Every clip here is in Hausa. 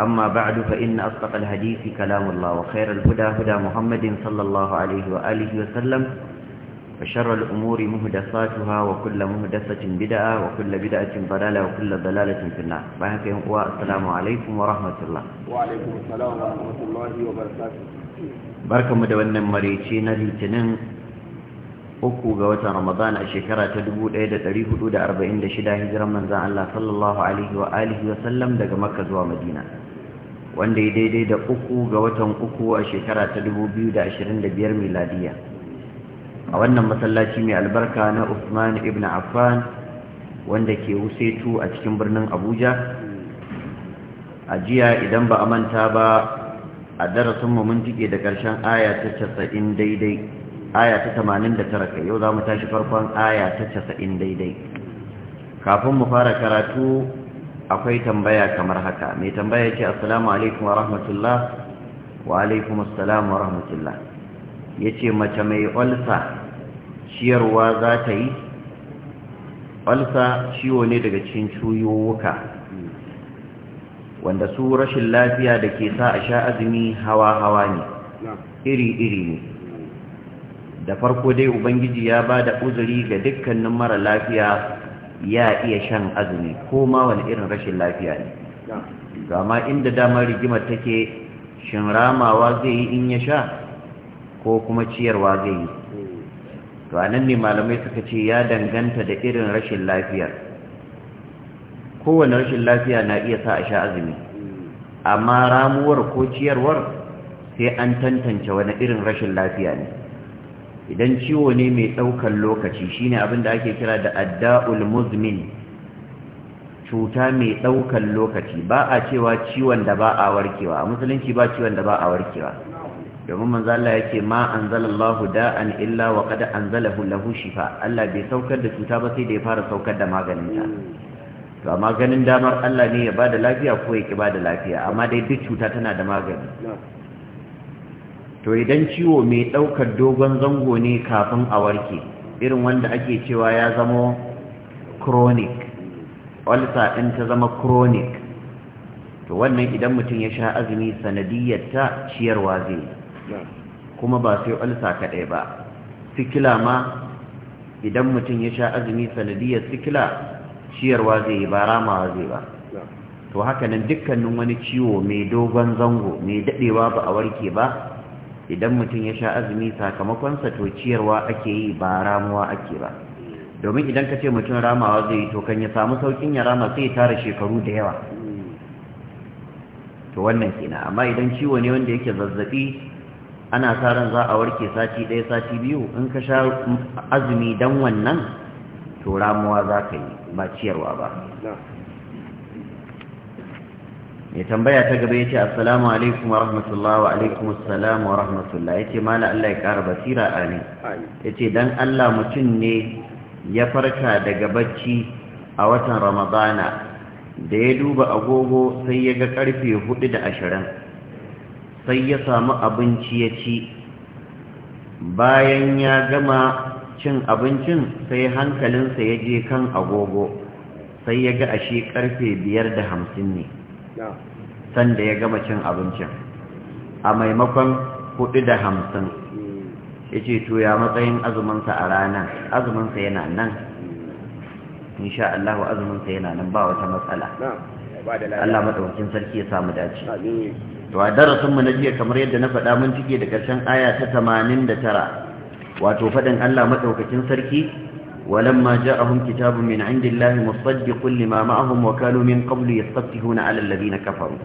أما بعد فإن أصدق الحديث كلام الله وخير الهدى هدى محمد صلى الله عليه وآله وسلم وشر الأمور مهدساتها وكل مهدسة بدعة وكل بدعة ضلالة وكل ضلالة في النار والسلام عليكم ورحمة الله وعليكم السلام ورحمة الله وبركاته بركة مدونة مريتين لتنم uku ga watan Ramadan a shekara ta 1446 hijiran manzon Allah sallallahu alaihi wa alihi wa sallam daga Makka zuwa Madina wanda ya daidai da uku ga watan uku a shekara ta 2025 miladiya a wannan masallaci mai albarka na Usman ibn Affan wanda ke wusetu a cikin birnin Abuja a jiya idan ba a manta ba a darasin mu mun tike da ƙarshen aya ta casa'in daidai aya ta 89 kai yau za mu tashi farkon aya ta casa'in daidai kafin mu fara karatu akwai tambaya kamar haka mai tambaya ce assalamu alaikum wa rahmatullah wa alaikum assalam wa rahmatullah ya ce mace mai olsa ciyarwa za ta yi olsa ciwo ne daga cikin ciwuwuka wanda su rashin lafiya da ke sa a sha azumi hawa-hawa ne iri-iri ne da farko dai ubangiji ya ba da uzuri ga dukkanin mara lafiya ya iya shan azumi ko ma wani irin rashin lafiya ne gama inda damar rigimar take shin ramawa zai yi in ya sha ko kuma ciyarwa zai yi ranar ne malamai suka ce ya danganta da irin rashin lafiyar kowane rashin lafiya na iya sa a sha azumi amma ramuwar ko ciyarwar sai an tantance wani irin rashin lafiya ne idan ciwo ne mai ɗaukar lokaci shine abin da ake kira da adda'ul muzmin cuta mai ɗaukar lokaci ba a cewa ciwon da ba a warkewa a musulunci ba ciwon da ba a warkewa domin manzo Allah yake ma anzalallahu da'an illa wa qad anzalahu lahu shifa Allah bai saukar da cuta ba sai da ya fara saukar da maganinta to amma ganin damar Allah ne ya ba da lafiya ko ya ba da lafiya amma dai duk cuta tana da magani to idan ciwo mai ɗaukar dogon zango ne kafin a warke irin wanda ake cewa ya zama chronic ulcer ɗin ta zama chronic to wannan idan mutum ya sha azumi sanadiyar ta ciyarwa zai kuma ba sai ulcer kaɗai ba sikila ma idan mutum ya sha azumi sanadiyar sikila ciyarwa zai yi ba ramawa zai ba to haka nan dukkanin wani ciwo mai dogon zango mai daɗewa ba a warke ba idan mutum ya sha azumi sakamakonsa to ciyarwa ake yi ba ramuwa ake ba domin idan ka ce mutum ramawa zai yi to kan ya samu saukin ya rama sai ya tara shekaru da yawa to wannan kenan amma idan ciwo ne wanda yake zazzabi ana sa ran za a warke sati ɗaya sati biyu in ka sha azumi dan wannan to ramuwa za ka yi ba ciyarwa ba ya tambaya ta gaba yace assalamu alaikum wa rahmatullahi wa alaikum assalam wa rahmatullahi yace mala Allah ya kara basira amin yace dan Allah mutum ne ya farka daga bacci a watan Ramadana da ya duba agogo sai ya ga karfe 4 da 20 sai ya samu abinci ya ci bayan ya gama cin abincin sai hankalinsa ya je kan agogo sai ya ga ashe karfe 5 da 50 ne sanda ya gama cin abincin a maimakon hudu da hamsin ya ce to ya matsayin azuminsa a ranar azuminsa yana nan insha Allah azuminsa yana nan ba wata matsala Allah madaukakin sarki ya samu dace to a darasin mu na jiya kamar yadda na faɗa mun cike da ƙarshen aya ta 89 wato faɗin Allah maɗaukakin sarki ولما جاءهم كتاب من عند الله مصدق لما معهم وكانوا من قبل يستفتحون على الذين كفروا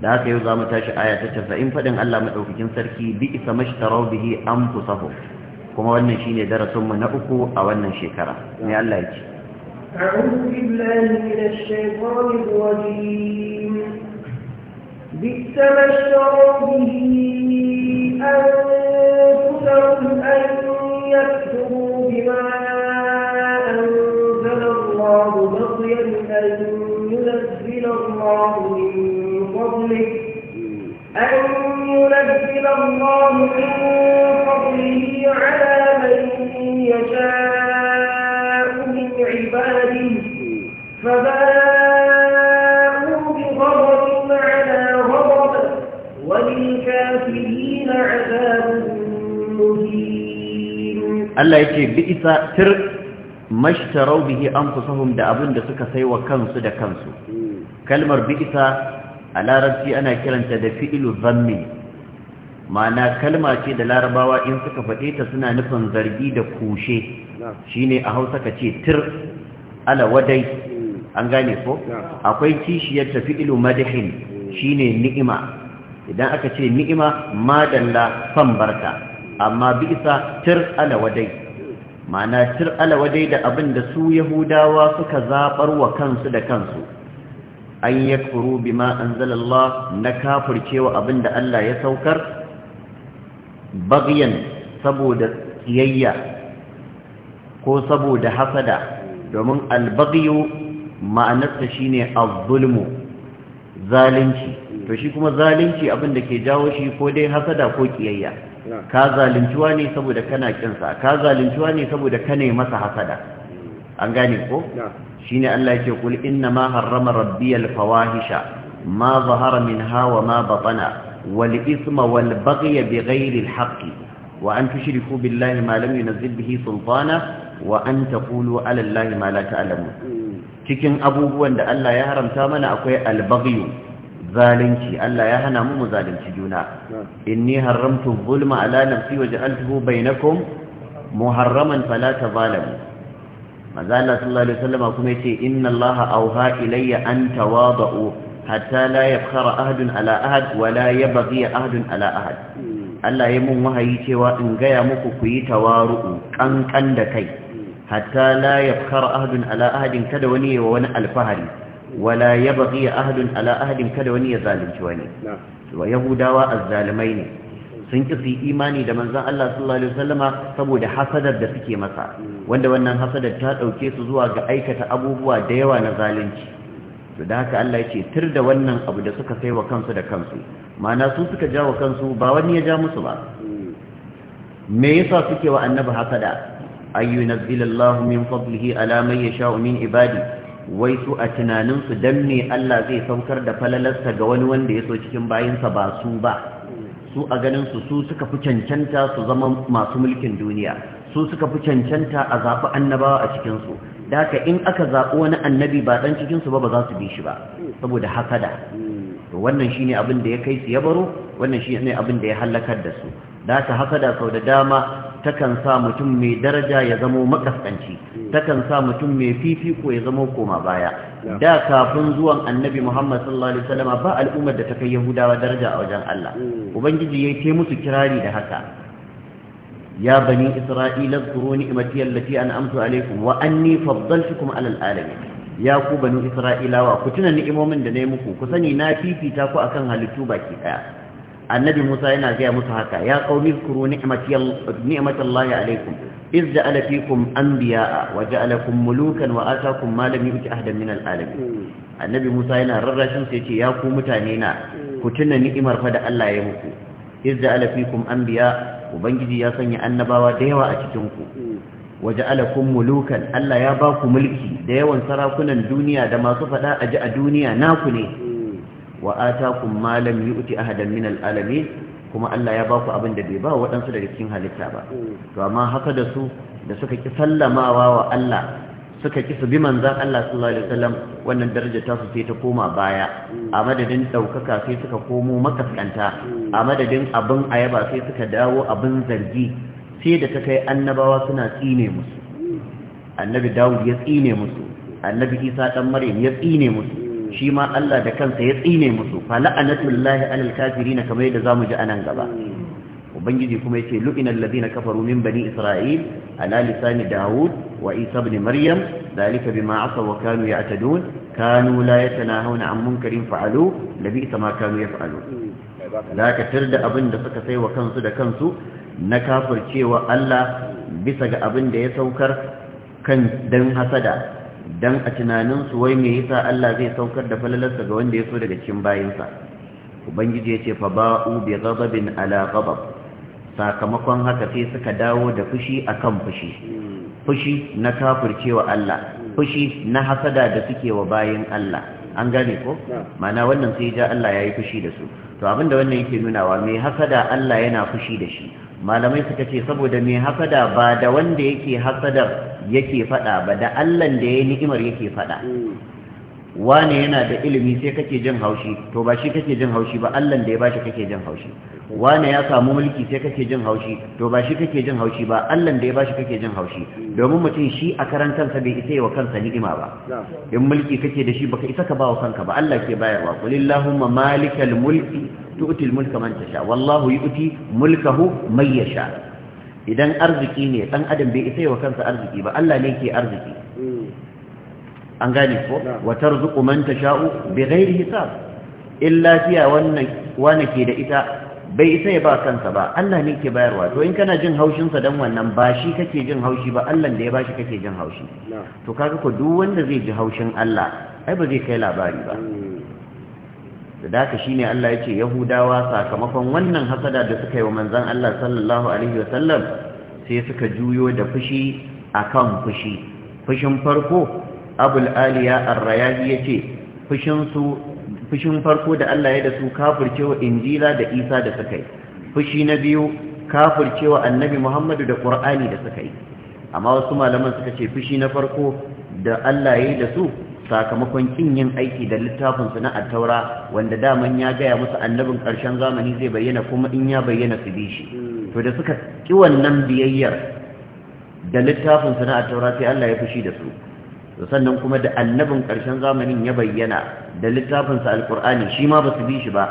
da haka yau za mu tashi aya ta in faɗin Allah maɗaukakin sarki bi isa mashtarau bihi an fusahu kuma wannan shine darasinmu na uku a wannan shekara mai Allah ya ce أن يكفروا بما الله بغيا أن ينزل الله من فضله أن ينزل الله من فضله على من يشاء من عباده فباءوا بغضب على غضب وللكافرين عذاب مهين الله يكفي بئس mashtarau bihi anfusahum da abin da suka sai wa kansu da kansu kalmar bi'sa a larabci ana kiranta da fi'ilu zammi ma'ana kalma ce da larabawa in suka faɗe ta suna nufin zargi da kushe shine a hausa ka ce tir ala wadai an gane ko akwai kishiyar ta fi'ilu madihin shine ni'ima idan aka ce ni'ima madalla fan barka amma bi'sa tir ala wadai ma'ana cir alawadai da abin da su yahudawa suka zaɓar wa kansu da kansu an ya kuru bi na kafurcewa abin da Allah ya saukar bagyan saboda tsiyayya ko saboda hasada domin albagyo ma'anarsa shine azzulmu zalunci to shi kuma zalunci abin da ke jawo shi ko dai hasada ko kiyayya ka zalunciwa ne saboda kana kinsa ka zalunciwa ne saboda ka ne masa hasada an gane ko shine Allah yake kul inna ma harrama rabbiyal fawahisha ma zahara minha wa ma batana wal isma wal baghya bighayri al wa an tushriku billahi ma lam yunzil bihi sultana wa an taqulu ala allahi ma la hmm. cikin abubuwan da Allah ya haramta mana akwai al zalunci Allah ya hana mu mu zalunci juna inni haramtu zulma ala nafsi wa ja'altuhu bainakum muharraman fala tazalamu manzo Allah sallallahu alaihi wasallam kuma yace inna Allah auha ilayya an tawadu hatta la yabkhara ahadun ala ahad wa la yabghi ahadun ala ahad hmm. Allah ya mun wahayi cewa in gaya muku ku yi tawaru'u kankan da kai hmm. hatta la yabkhara ahadun ala ahadin kada wani wa wani alfahari wala ya ahlun ala ahlin kada wani ya zalunci wani wa yahudawa azzalimai ne sun ki imani da manzan Allah sallallahu alaihi saboda hasadar da suke masa wanda wannan hasadar ta ɗauke su zuwa ga aikata abubuwa da yawa na zalunci to da haka Allah ya ce tir da wannan abu da suka wa kansu da kansu ma'ana su suka wa kansu ba wani ya ja musu ba me yasa suke wa annabi hasada ayyunazzilallahu min fadlihi ala man yasha'u min ibadi wai su a tunaninsu dan me Allah zai saukar da falalarsa ga wani wanda ya so cikin bayinsa ba su ba su a ganinsu su suka fi cancanta su zama masu mulkin duniya su suka fi cancanta a zaɓi annabawa a cikinsu da haka in aka zaɓi wani annabi ba ɗan cikinsu ba ba za su bi shi ba saboda hasada hmm. to wannan shine abin da ya kai su ya baro wannan shine abin da ya halakar da su da ta hasada sau da dama takan sa mutum mai daraja ya zamo makaskanci takan sa mutum mai fifiko ya zamo koma baya da kafin zuwan annabi Muhammad sallallahu alaihi ba al'ummar da ta kai Yahudawa daraja a wajen Allah ubangiji yayi ta musu kirari da haka ya bani isra'ila zkuru ni'mati allati an'amtu alaikum, wa anni faddaltukum alal al'alamin ya ku bani isra'ilawa ku tuna ni'imomin da na yi muku ku sani na fifita ku akan halittu baki daya annabi Musa yana gaya musu haka ya qaumi zkuru ni'matallahi alaikum iz ja'ala fikum anbiya'a wa ja'alakum mulukan wa atakum ma lam yu'ti ahadan min alami. Hmm. annabi Musa yana rarrashin sai ce ya ku mutane na hmm. ku tuna ni'imar fa da Allah ya muku iz ja'ala an anbiya ubangiji ya sanya annabawa da yawa a cikin ku hmm. wa mulukan Allah ya ba ku mulki da yawan sarakunan duniya da masu fada aji a duniya naku ne wa atakum ma lam yu'ti ahadan min alalamin kuma Allah ya baku abin da bai ba waɗansu daga cikin halitta ba to amma haka da su da suka ki sallamawa wa Allah suka ki su bi manzan Allah sallallahu alaihi wasallam wannan daraja ta su sai ta koma baya a madadin daukaka sai suka komo makaskanta a madadin abin ayaba sai suka dawo abin zargi sai da ta kai annabawa suna tsine musu annabi Dawud ya tsine musu annabi Isa dan Maryam ya tsine musu shi ma Allah da kansa ya tsine musu fa la'anatullahi alal kafirin kamar yadda zamu ji anan gaba ubangiji kuma yace lu'ina alladhina kafaru min bani isra'il ala lisani daud wa isa ibn maryam dalika bima asaw wa kanu ya'tadun kanu la yatanahuna an munkarin fa'alu labisa ma kanu yaf'alu zaka tirda abin da suka sai wa kansu da kansu na kafircewa Allah bisa ga abin da ya saukar kan dan hasada dan a tunanin su wai me yasa Allah zai saukar da falalarsa ga wanda ya so daga cikin bayinsa ubangiji ya ce fa ba'u bi ghadabin ala ghadab sakamakon haka sai suka dawo da fushi akan fushi fushi na kafircewa Allah fushi na hasada da suke wa bayin Allah an gane ko mana wannan sai ja Allah yayi fushi da su to abinda wannan yake nunawa me hasada Allah yana fushi da shi malamai suka ce saboda me hasada ba da wanda yake hasadar yake faɗa ba da allan da ya ni'imar yake faɗa wane yana da ilimi sai kake jin haushi to ba shi kake jin haushi ba allan da ya bashi kake jin haushi wane ya samu mulki sai kake jin haushi to ba shi kake jin haushi ba allan da ya bashi kake jin haushi domin mutum shi a karan kansa bai isa wa kansa ni'ima ba in mulki kake da shi baka isa ka bawa kanka ba Allah ke bayarwa kulillahumma malikal mulki tu'til mulka man tasha wallahu yu'ti mulkahu may yasha idan arziki ne dan adam bai isa wa kansa arziki ba Allah ne ke arziki an gane ko wa tarzuqu man tasha'u bighairi hisab illa fiya wannan wani ke da ita bai isa ya ba kansa ba Allah ne ke bayarwa to in kana jin haushin sa dan wannan ba shi kake jin haushi ba Allah da ya bashi kake jin haushi to kaga ko duk wanda zai ji haushin Allah ai ba zai kai labari ba hmm. da daka shine Allah ya yahudawa sakamakon wannan hasada da suka yi wa manzan Allah sallallahu alaihi wasallam sai suka juyo da fushi akan fushi fushin farko abul aliya ar ya yace fushin su fushin farko da Allah ya da su kafircewa injila da isa da suka yi fushi na biyu kafircewa annabi muhammadu da qur'ani da suka yi amma wasu malaman suka ce fushi na farko da Allah ya da su sakamakon kin yin aiki da littafinsu na attaura wanda daman ya gaya musu annabin ƙarshen zamani zai bayyana kuma in ya bayyana su bi shi to da suka ki wannan biyayyar da littafinsu na attaura sai Allah ya fushi da su sannan kuma da annabin ƙarshen zamanin ya bayyana da littafinsu Alƙur'ani, alqur'ani shi ma ba su bi shi ba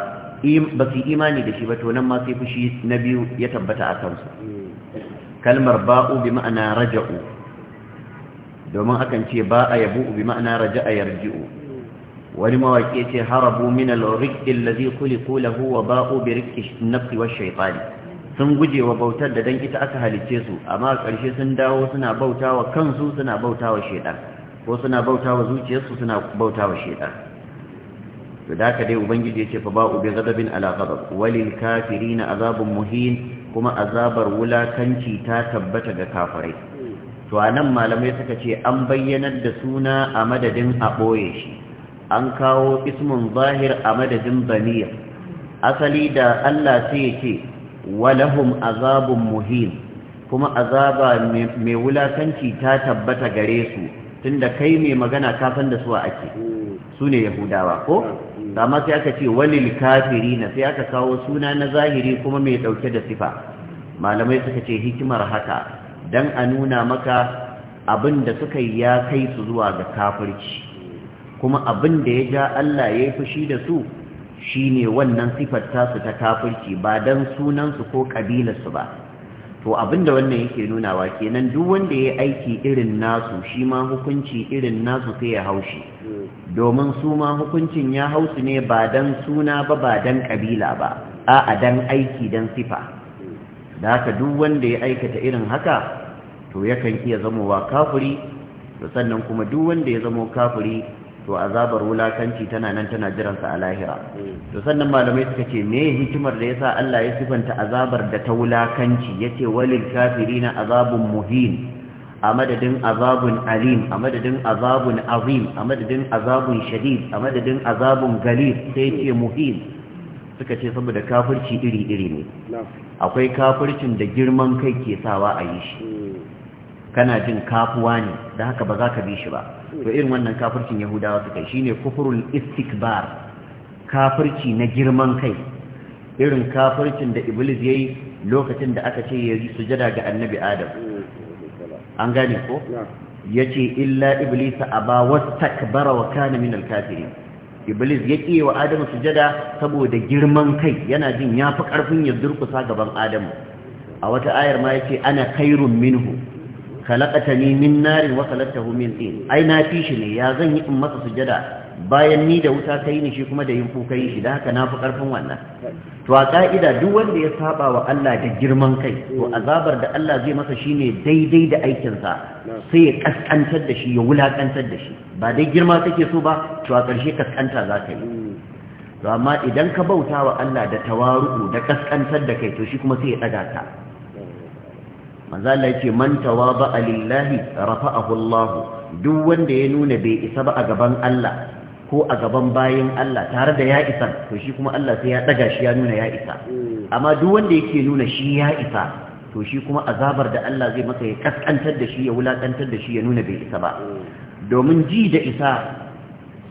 ba su imani da shi ba to nan ma sai fushi na biyu ya tabbata a kansu hmm. kalmar ba'u bi ma'ana raja'u domin akan ce ba a yabu bi ma'ana a yarji'u wani mawaƙi ce harabu min al-riqq alladhi khuliqu lahu wa ba'u bi riqqi an wa sun guje wa bautar da dan ita aka halice su amma ƙarshe sun dawo suna bautawa kansu suna bautawa shaytan ko suna bautawa zuciyarsu suna bautawa shaytan to da ka dai ubangiji yace fa ba'u bi ghadabin ala ghadab walil kafirina azabun muhin kuma azabar wulakanci ta tabbata ga kafirai to a nan malamai suka ce an bayyanar da suna a madadin a ɓoye shi an kawo ismun zahir a madadin baniya asali da Allah sai ya ce walahum azabun muhim kuma azaba mai wulakanci ta tabbata gare su tunda kai mai magana kafin da suwa ake su ne yahudawa ko amma sai aka ce walil kafiri na sai aka kawo suna na zahiri kuma mai dauke da sifa malamai suka ce hikimar haka don a nuna maka abin da suka yi ya kai su zuwa ga kafirci kuma abin da ya ja Allah ya yi fushi da su shine wannan sifar su ta kafirci ba don sunansu ko ƙabilarsu ba to abin da wannan yake nunawa kenan duk wanda ya aiki irin nasu shi ma hukunci irin nasu sai ya haushi domin su ma hukuncin ya hausu ne ba don suna ba ba don ƙabila ba a'a don aiki don sifa da haka duk wanda ya aikata irin haka to yakan iya zamowa kafuri to sannan kuma duk wanda ya zamo kafuri to azabar wulakanci tana nan tana jiransa a lahira to sannan malamai suka ce me hikimar da yasa Allah ya sifanta azabar da ta wulakanci yace walil kafirina azabun muhin a madadin azabun alim a madadin azabun azim a madadin azabun shadid a madadin azabun galib sai ce muhin suka ce saboda kafirci iri-iri ne akwai kafircin da girman kai ke sawa a yi shi hmm. kana jin kafuwa ne da haka ba za ka bi shi ba hmm. to irin wannan kafircin yahudawa suka yi ne kufurul istikbar kafirci na girman kai irin kafircin da iblis ya yi lokacin da aka ce ya yayi sujada ga annabi adam hmm. an gane ko Ya ce illa iblis wasu takbara wa kana minal kafirin iblis ya ƙi wa adamu sujada saboda girman kai yana jin ya fi ƙarfin ya durkusa gaban adamu a wata ayar ma ya ce ana kairun minhu khalaqatani min narin wa khalaqtahu min ai na fi shi ne ya zan yi in masa sujada bayan ni da wuta ka yi ni shi kuma da yin kuka yi shi da haka na fi ƙarfin wannan to a ƙa'ida duk wanda ya saba wa Allah da girman kai to azabar da Allah zai masa shi ne daidai da aikinsa sai ya ƙasƙantar da shi ya wulaƙantar da shi ba dai girma kake so ba to a ƙarshe ƙasƙanta za ka yi to amma idan ka bauta wa Allah da tawaru'u da ƙasƙantar da kai to shi kuma sai ya ɗaga ka manzo Allah yake man tawaba lillahi rafa'ahu Allah duk wanda ya nuna bai isa ba a gaban Allah ko a gaban bayan Allah tare da ya isa to shi kuma Allah sai ya daga shi ya nuna ya isa mm. amma duk wanda yake nuna shi ya isa to shi kuma azabar da Allah zai masa ya kaskantar da shi ya wulakantar da shi ya nuna bai isa ba mm. domin ji da isa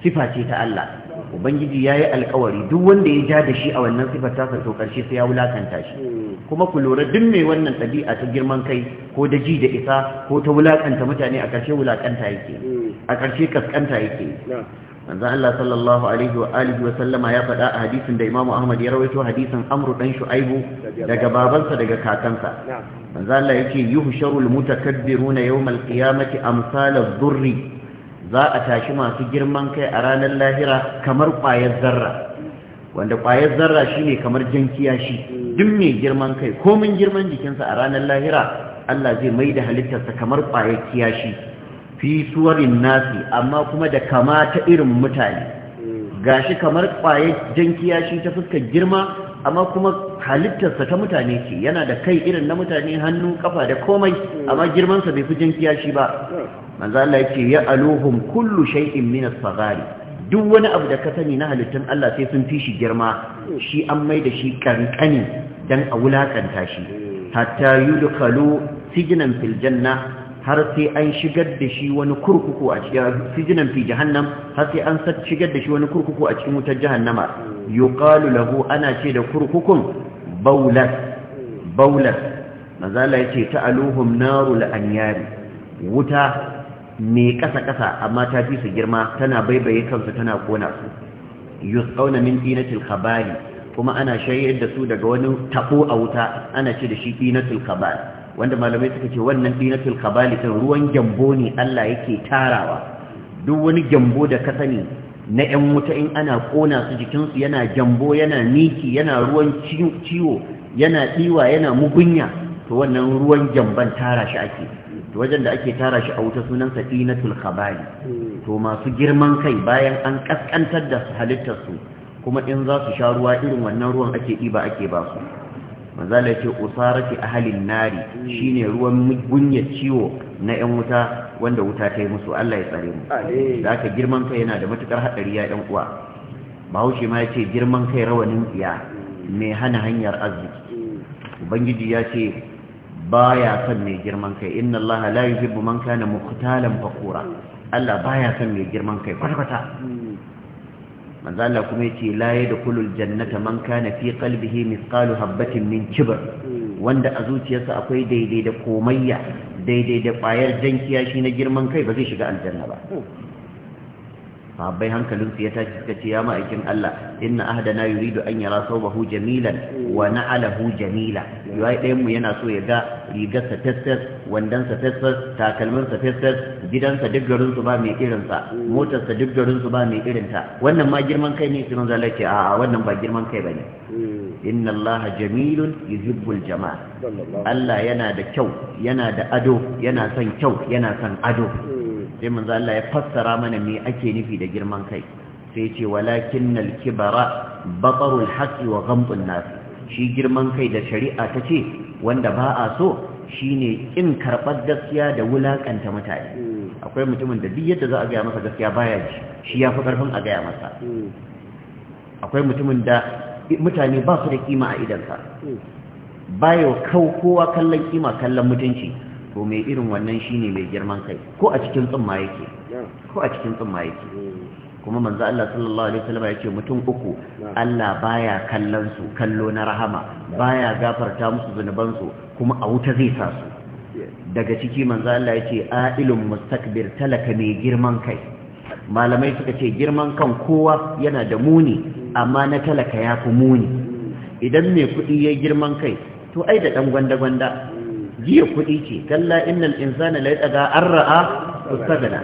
sifa ce ta Allah ubangiji ya yi alkawari duk wanda ya ja da shi a wannan sifar ta to karshe sai ya wulakanta shi mm. kuma ku lura duk mai wannan ɗabi'a ta girman kai ko da ji da isa ko ta wulakanta mutane a ƙarshe wulakanta yake a ƙarshe kaskanta yake manzo Allah sallallahu alaihi wa alihi wa sallama ya faɗa a hadisin da Imam Ahmad ya rawaito hadisin Amr dan Shu'aibu daga babansa daga kakansa manzo Allah yake yuhsharu almutakabbiruna yawm alqiyamati amsal adh-dhurri za a tashi masu girman kai a ranar lahira kamar ƙwayar zarra wanda ƙwayar zarra shine kamar jankiya shi duk mai girman kai komin girman jikinsa a ranar lahira Allah zai mai da halittarsa kamar ƙwayar kiyashi fi suwarin nasi amma kuma da kama ta irin mutane gashi kamar kwaye jankiya kiyashi ta fuskar girma amma kuma halittarsa ta mutane ce yana da kai irin na mutane hannu kafa da komai amma girmansa bai fi jan kiyashi ba manzo Allah yake ya aluhum kullu shay'in min as-saghari duk wani abu da ka sani na halittun Allah sai sun fi shi girma shi an mai da shi kankani dan a wulakanta shi hatta yudkhalu sijnan fil janna har sai an shigar da shi wani kurkuku a cikin sijinan fi jahannam har sai an shigar da shi wani kurkuku a cikin wutar jahannama yuqalu lahu ana ce da kurkukun baulas baulas ta yace ta'aluhum narul anyari wuta mai kasa kasa amma ta fi su girma tana baibaye kansu tana kona su yusqawna min dinatil khabali kuma ana shayar da su daga wani tabo a wuta ana ce da shi dinatil khabali wanda malamai suka ce wannan dinatul kabali kan ruwan gyambo ne Allah yake tarawa duk wani gyambo da ka sani na 'yan wuta in ana ƙona su jikinsu yana gyambo yana miki yana ruwan ciwo yana ɗiwa yana mugunya to wannan ruwan gyamban tara shi ake to wajen da ake tara shi a wuta sunansa dinatul kabali to masu girman kai bayan an kaskantar da halittarsu kuma in za su sha ruwa irin wannan ruwan ake ɗiba ake ba su manzala ya ce usarati ahalin nari shine ruwan gunya ciwo na yan wuta wanda wuta ta yi musu Allah ya tsare mu da girman kai yana da matukar hadari ya yan uwa bahaushe ma ya ce girman kai rawanin tsiya mai hana hanyar arziki ubangiji ya ce baya son mai girman kai inna Allah la yuhibbu man kana muqtalan faqura Allah baya son mai girman kai kwata-kwata mm. manzo Allah kuma yace la yadkhulul jannata man kana fi qalbihi mithqalu habatin min kibr wanda a zuciyarsa akwai daidai da komayya daidai da ƙwayar jankiya shi na girman kai ba zai shiga aljanna ba sahabbai hankalinsu ya tashi suka ce ya ma'aikin Allah inna ahadana yuridu an yara sawbahu jamilan wa na'alahu jamila yayi dayan mu yana so ya ga rigarsa tassas wandansa tassas takalminsa tassas gidansa duk garin su ba mai irin sa motarsa duk garin su ba mai irin ta wannan ma girman kai ne sai manzo ce a'a wannan ba girman kai bane hmm. inna Allah jamilun yuhibbul jamal Allah yana da kyau yana da ado yana son kyau yana son ado sai manzo Allah ya fassara mana me ake nufi da girman kai sai ce walakinnal kibara batarul haqqi wa ghamtun nas shi girman kai da shari'a ta ce wanda ba a so ne ƙin karɓar gaskiya da wulaƙanta mutane akwai mutumin da duk yadda za a gaya masa gaskiya baya ji shi yafi ƙarfin a gaya masa akwai mutumin da mutane ba su da kima a idansa bayo kau kowa kallon kima kallon mutunci to mai irin wannan shine mai girman kai ko a cikin tsumma yake ko a cikin tsumma yake kuma manzo Allah sallallahu alaihi wasallam ya mutum uku Allah baya kallon su kallo na rahama baya gafarta musu zunuban su kuma a wuta zai sa su daga ciki manzo Allah a ce mustakbir talaka mai girman kai malamai suka ce girman kan kowa yana da muni amma na talaka ya fi muni idan mai kudi ya girman kai to ai da dan gwanda-gwanda jiya kuɗi ce kalla innal insana la yadaga an ra'a ustagana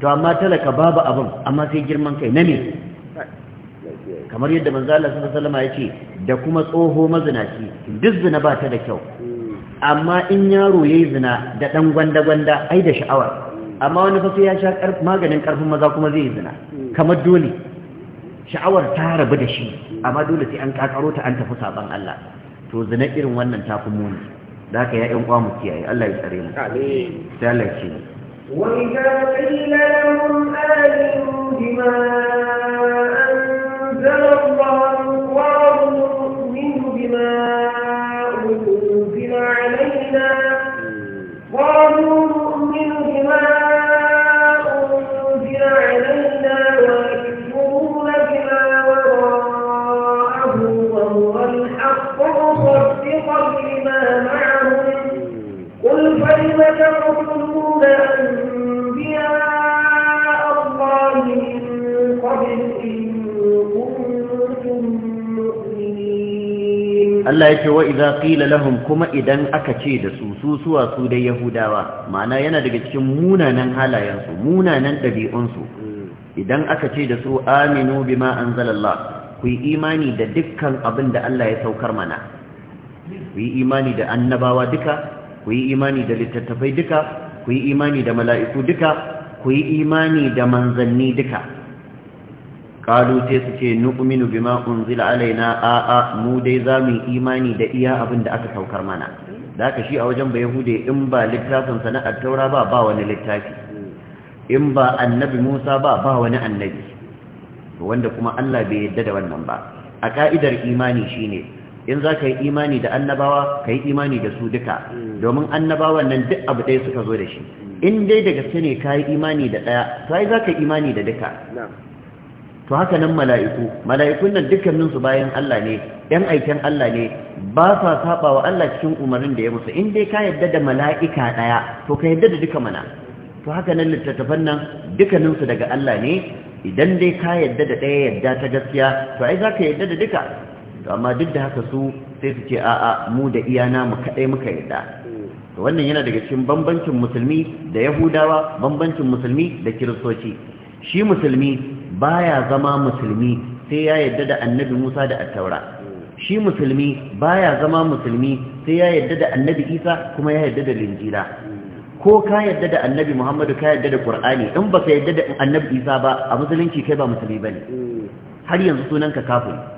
to amma talaka babu abin amma sai girman kai na ne? kamar yadda manzo Allah sallallahu alaihi yace da kuma tsoho mazinaci duk zina ba ta da kyau amma in yaro yayi zina da dan gwanda gwanda ai da sha'awa amma wani fa sai ya sha maganin karfin maza kuma zai yi zina kamar dole sha'awar ta rabu da shi amma dole sai an kakaro ta an tafi saban Allah to zina irin wannan ta fi muni da haka ya yan uwa mu kiyaye Allah ya tsare mu amin sai Allah ya ce وإذا قيل لهم آمنوا بما أنزل الله Allah ya ce wa iza lahum kuma idan aka ce da su su suwa su dai yahudawa ma'ana yana daga cikin munanan halayensu, munanan ɗabi'unsu. idan aka ce da su aminu bima anzalallah ku yi imani da dukkan abin da Allah ya saukar mana ku yi imani da annabawa duka ku yi imani da littattafai duka ku yi imani da mala'iku duka ku yi imani da manzanni duka kalu sai su ce nu'minu bima unzila alaina a a mu dai za mu imani da iya abin da aka saukar mana da aka shi a wajen ba yahude in ba littafin sana'ar taura ba ba wani littafi in ba annabi musa ba ba wani annabi wanda kuma allah bai yadda da wannan ba a ka'idar imani shine in za ka yi imani da annabawa ka yi imani da su duka domin annabawa nan duk abu ɗaya suka zo da shi in dai da gaske ne ka yi imani da ɗaya to ai za ka yi imani da duka to haka nan mala'iku mala'ikun nan dukkaninsu bayan Allah ne ‘yan aikin Allah ne ba sa saba wa Allah cikin umarni da ya musu in dai ka yadda da mala'ika ɗaya to ka yadda da duka mana to haka nan littattafan nan dukkaninsu daga Allah ne idan dai ka yadda da ɗaya yadda ta gaskiya to ai za ka yadda da duka to amma duk da haka su sai su ce a'a mu da iya mu kaɗai muka yarda to wannan yana daga cikin bambancin musulmi da yahudawa bambancin musulmi da kiristoci shi musulmi baya zama musulmi sai ya yadda da annabi musa da attaura shi musulmi baya zama musulmi sai ya yadda da annabi isa kuma ya yadda da linjila ko ka yadda da annabi muhammadu ka yadda da qur'ani in ba ka yadda da annabi isa ba a musulunci kai ba musulmi bane har yanzu sunanka kafiri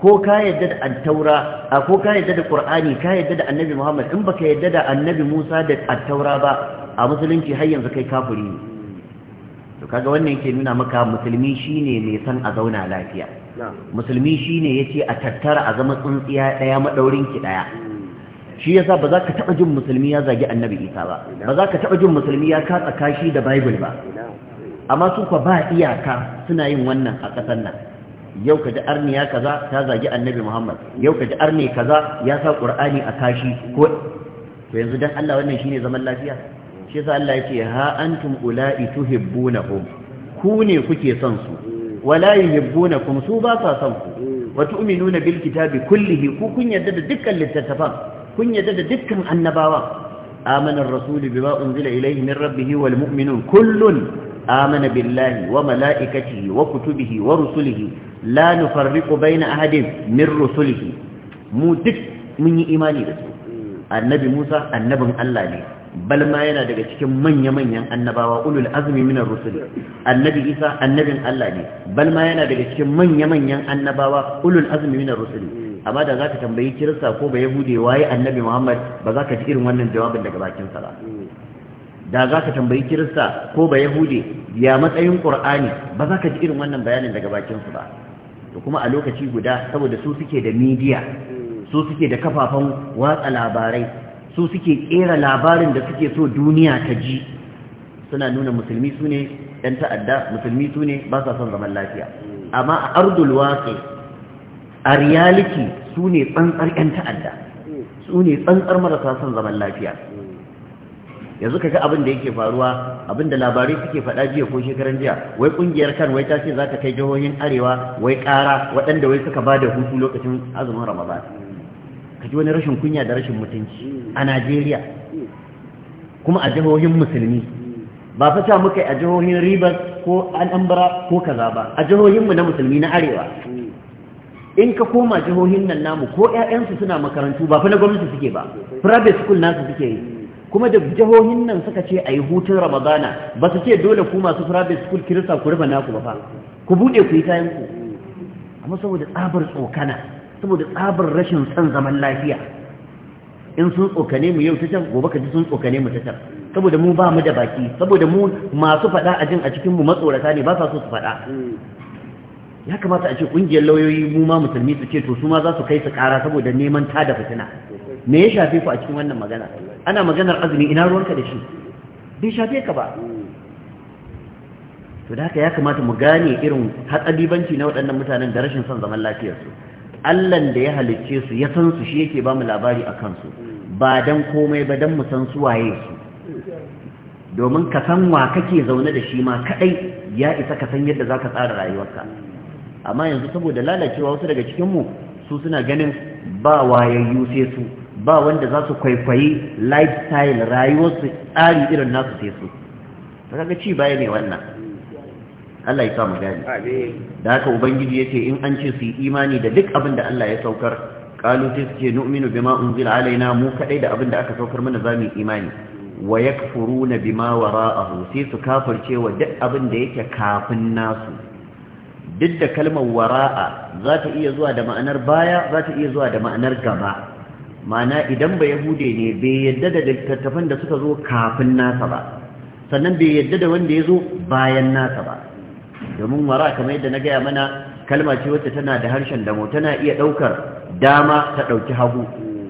ko ka yadda da attaura a ko ka yadda da qur'ani ka yadda da annabi muhammad in baka yadda da annabi musa da attaura ba a musulunci har yanzu kai kafiri ne to kaga wannan yake nuna maka musulmi shine mai san a zauna lafiya musulmi shine yace a tattara a zama tsuntsiya daya madaurin ki daya shi yasa ba za ka taba jin musulmi ya zagi annabi isa ba ba za ka taba jin musulmi ya katsa kashi da bible ba amma su ba iyaka suna yin wannan a ƙasar nan yau ka ji arniya kaza ta zagi annabi muhammad yau ka ji arni kaza ya sa qur'ani a kashi ko to yanzu dan Allah wannan shine zaman lafiya shi yasa Allah yake ha antum ula'i tuhibbunahum ku ne kuke son su wala yuhibbunakum su ba sa son ku wa tu'minuna bil kitabi kullihi ku kun yarda da dukkan littattafan kun yarda da dukkan annabawa amana ar-rasul bima unzila ilayhi min rabbih wal mu'minun kullun amana billahi wa malaikatihi wa kutubihi wa la nufarriqu baina ahadin min rusulihi mu duk mun yi imani da su annabi Musa annabin Allah ne bal ma yana daga cikin manya-manyan annabawa ulul azmi minar rusul annabi Isa annabin Allah ne bal ma yana daga cikin manya-manyan annabawa ulul azmi minar rusul amma da zaka tambayi kirista ko ba yahude waye annabi Muhammad ba zaka ji irin wannan jawabin daga bakin sa ba da za ka tambayi kirista ko ba yahude ya matsayin ƙur'ani ba za ka ji irin wannan bayanin daga bakinsu ba da kuma a lokaci guda saboda su suke da midiya, su suke da kafafen watsa labarai su suke kera labarin da suke so duniya ta ji suna nuna musulmi su ne ɗan ta'adda musulmi su ne ba sa son zaman lafiya amma a ardul a reality su ne tsantsar 'yan ta'adda su ne tsantsar marasa son zaman lafiya yanzu kaga abin da yake faruwa abin da labarai suke faɗa jiya ko shekaran jiya wai kungiyar kan wai ta ce za ta kai jihohin arewa wai ƙara waɗanda wai suka ba da hutu lokacin azumin ramadan ka ji wani rashin kunya da rashin mutunci a najeriya kuma a jihohin musulmi ba fa ta muka a jihohin ribas ko anambra ko kaza ba a jihohinmu na musulmi na arewa in ka koma jihohin nan namu ko 'ya'yansu suna makarantu ba fa na gwamnati suke ba private school nasu suke yi kuma da jihohin nan suka ce a yi hutun ramadana ba su ce dole ku masu private school kirista ku rufe naku ba fa ku buɗe ku yi kayan ku amma saboda tsabar tsokana saboda tsabar rashin son zaman lafiya in sun tsokane mu yau ta can gobe ka ji sun tsokane mu ta can saboda mu ba mu da baki saboda mu masu faɗa a jin a cikin mu matsorata ne ba sa so su faɗa ya kamata a ce ƙungiyar lauyoyi mu ma musulmi su ce to su ma za su kai su kara saboda neman ta da fitina me ya shafe ku a cikin wannan magana ana maganar azumi ina ruwanka da shi bai shafe ka ba to da haka ya kamata mu gane irin hatsari hatsalibanci na waɗannan mutanen da rashin son zaman lafiyarsu allan da ya halicce su ya san su shi yake ba mu labari a kansu ba dan komai ba dan mu san su waye su domin ka san wa kake zaune da shi ma kadai ya isa ka san yadda zaka tsara rayuwarka amma yanzu saboda lalacewa wasu daga cikin mu su suna ganin ba wayayyu sai su ba wanda za su kwaikwayi lifestyle rayuwarsu tsari irin nasu sai su kaga ci baya ne wannan Allah ya samu gani da haka ubangiji ce in an ce su yi imani da duk abin da Allah ya saukar qalu tisje nu'minu bima unzila alaina mu kadai da abin da aka saukar mana zamu imani wa yakfuruna bima wara'ahu sai su kafirce wa duk abin da yake kafin nasu duk da kalmar wara'a za ta iya zuwa da ma'anar baya za ta iya zuwa da ma'anar gaba Ma'ana idan ba yahude ne bai yadda da littattafan da suka zo kafin nasa ba sannan bai yadda da wanda ya zo bayan nasa ba domin wara kamar yadda na gaya mana kalma ce wacce tana da harshen damo tana iya ɗaukar dama ta ɗauki hagu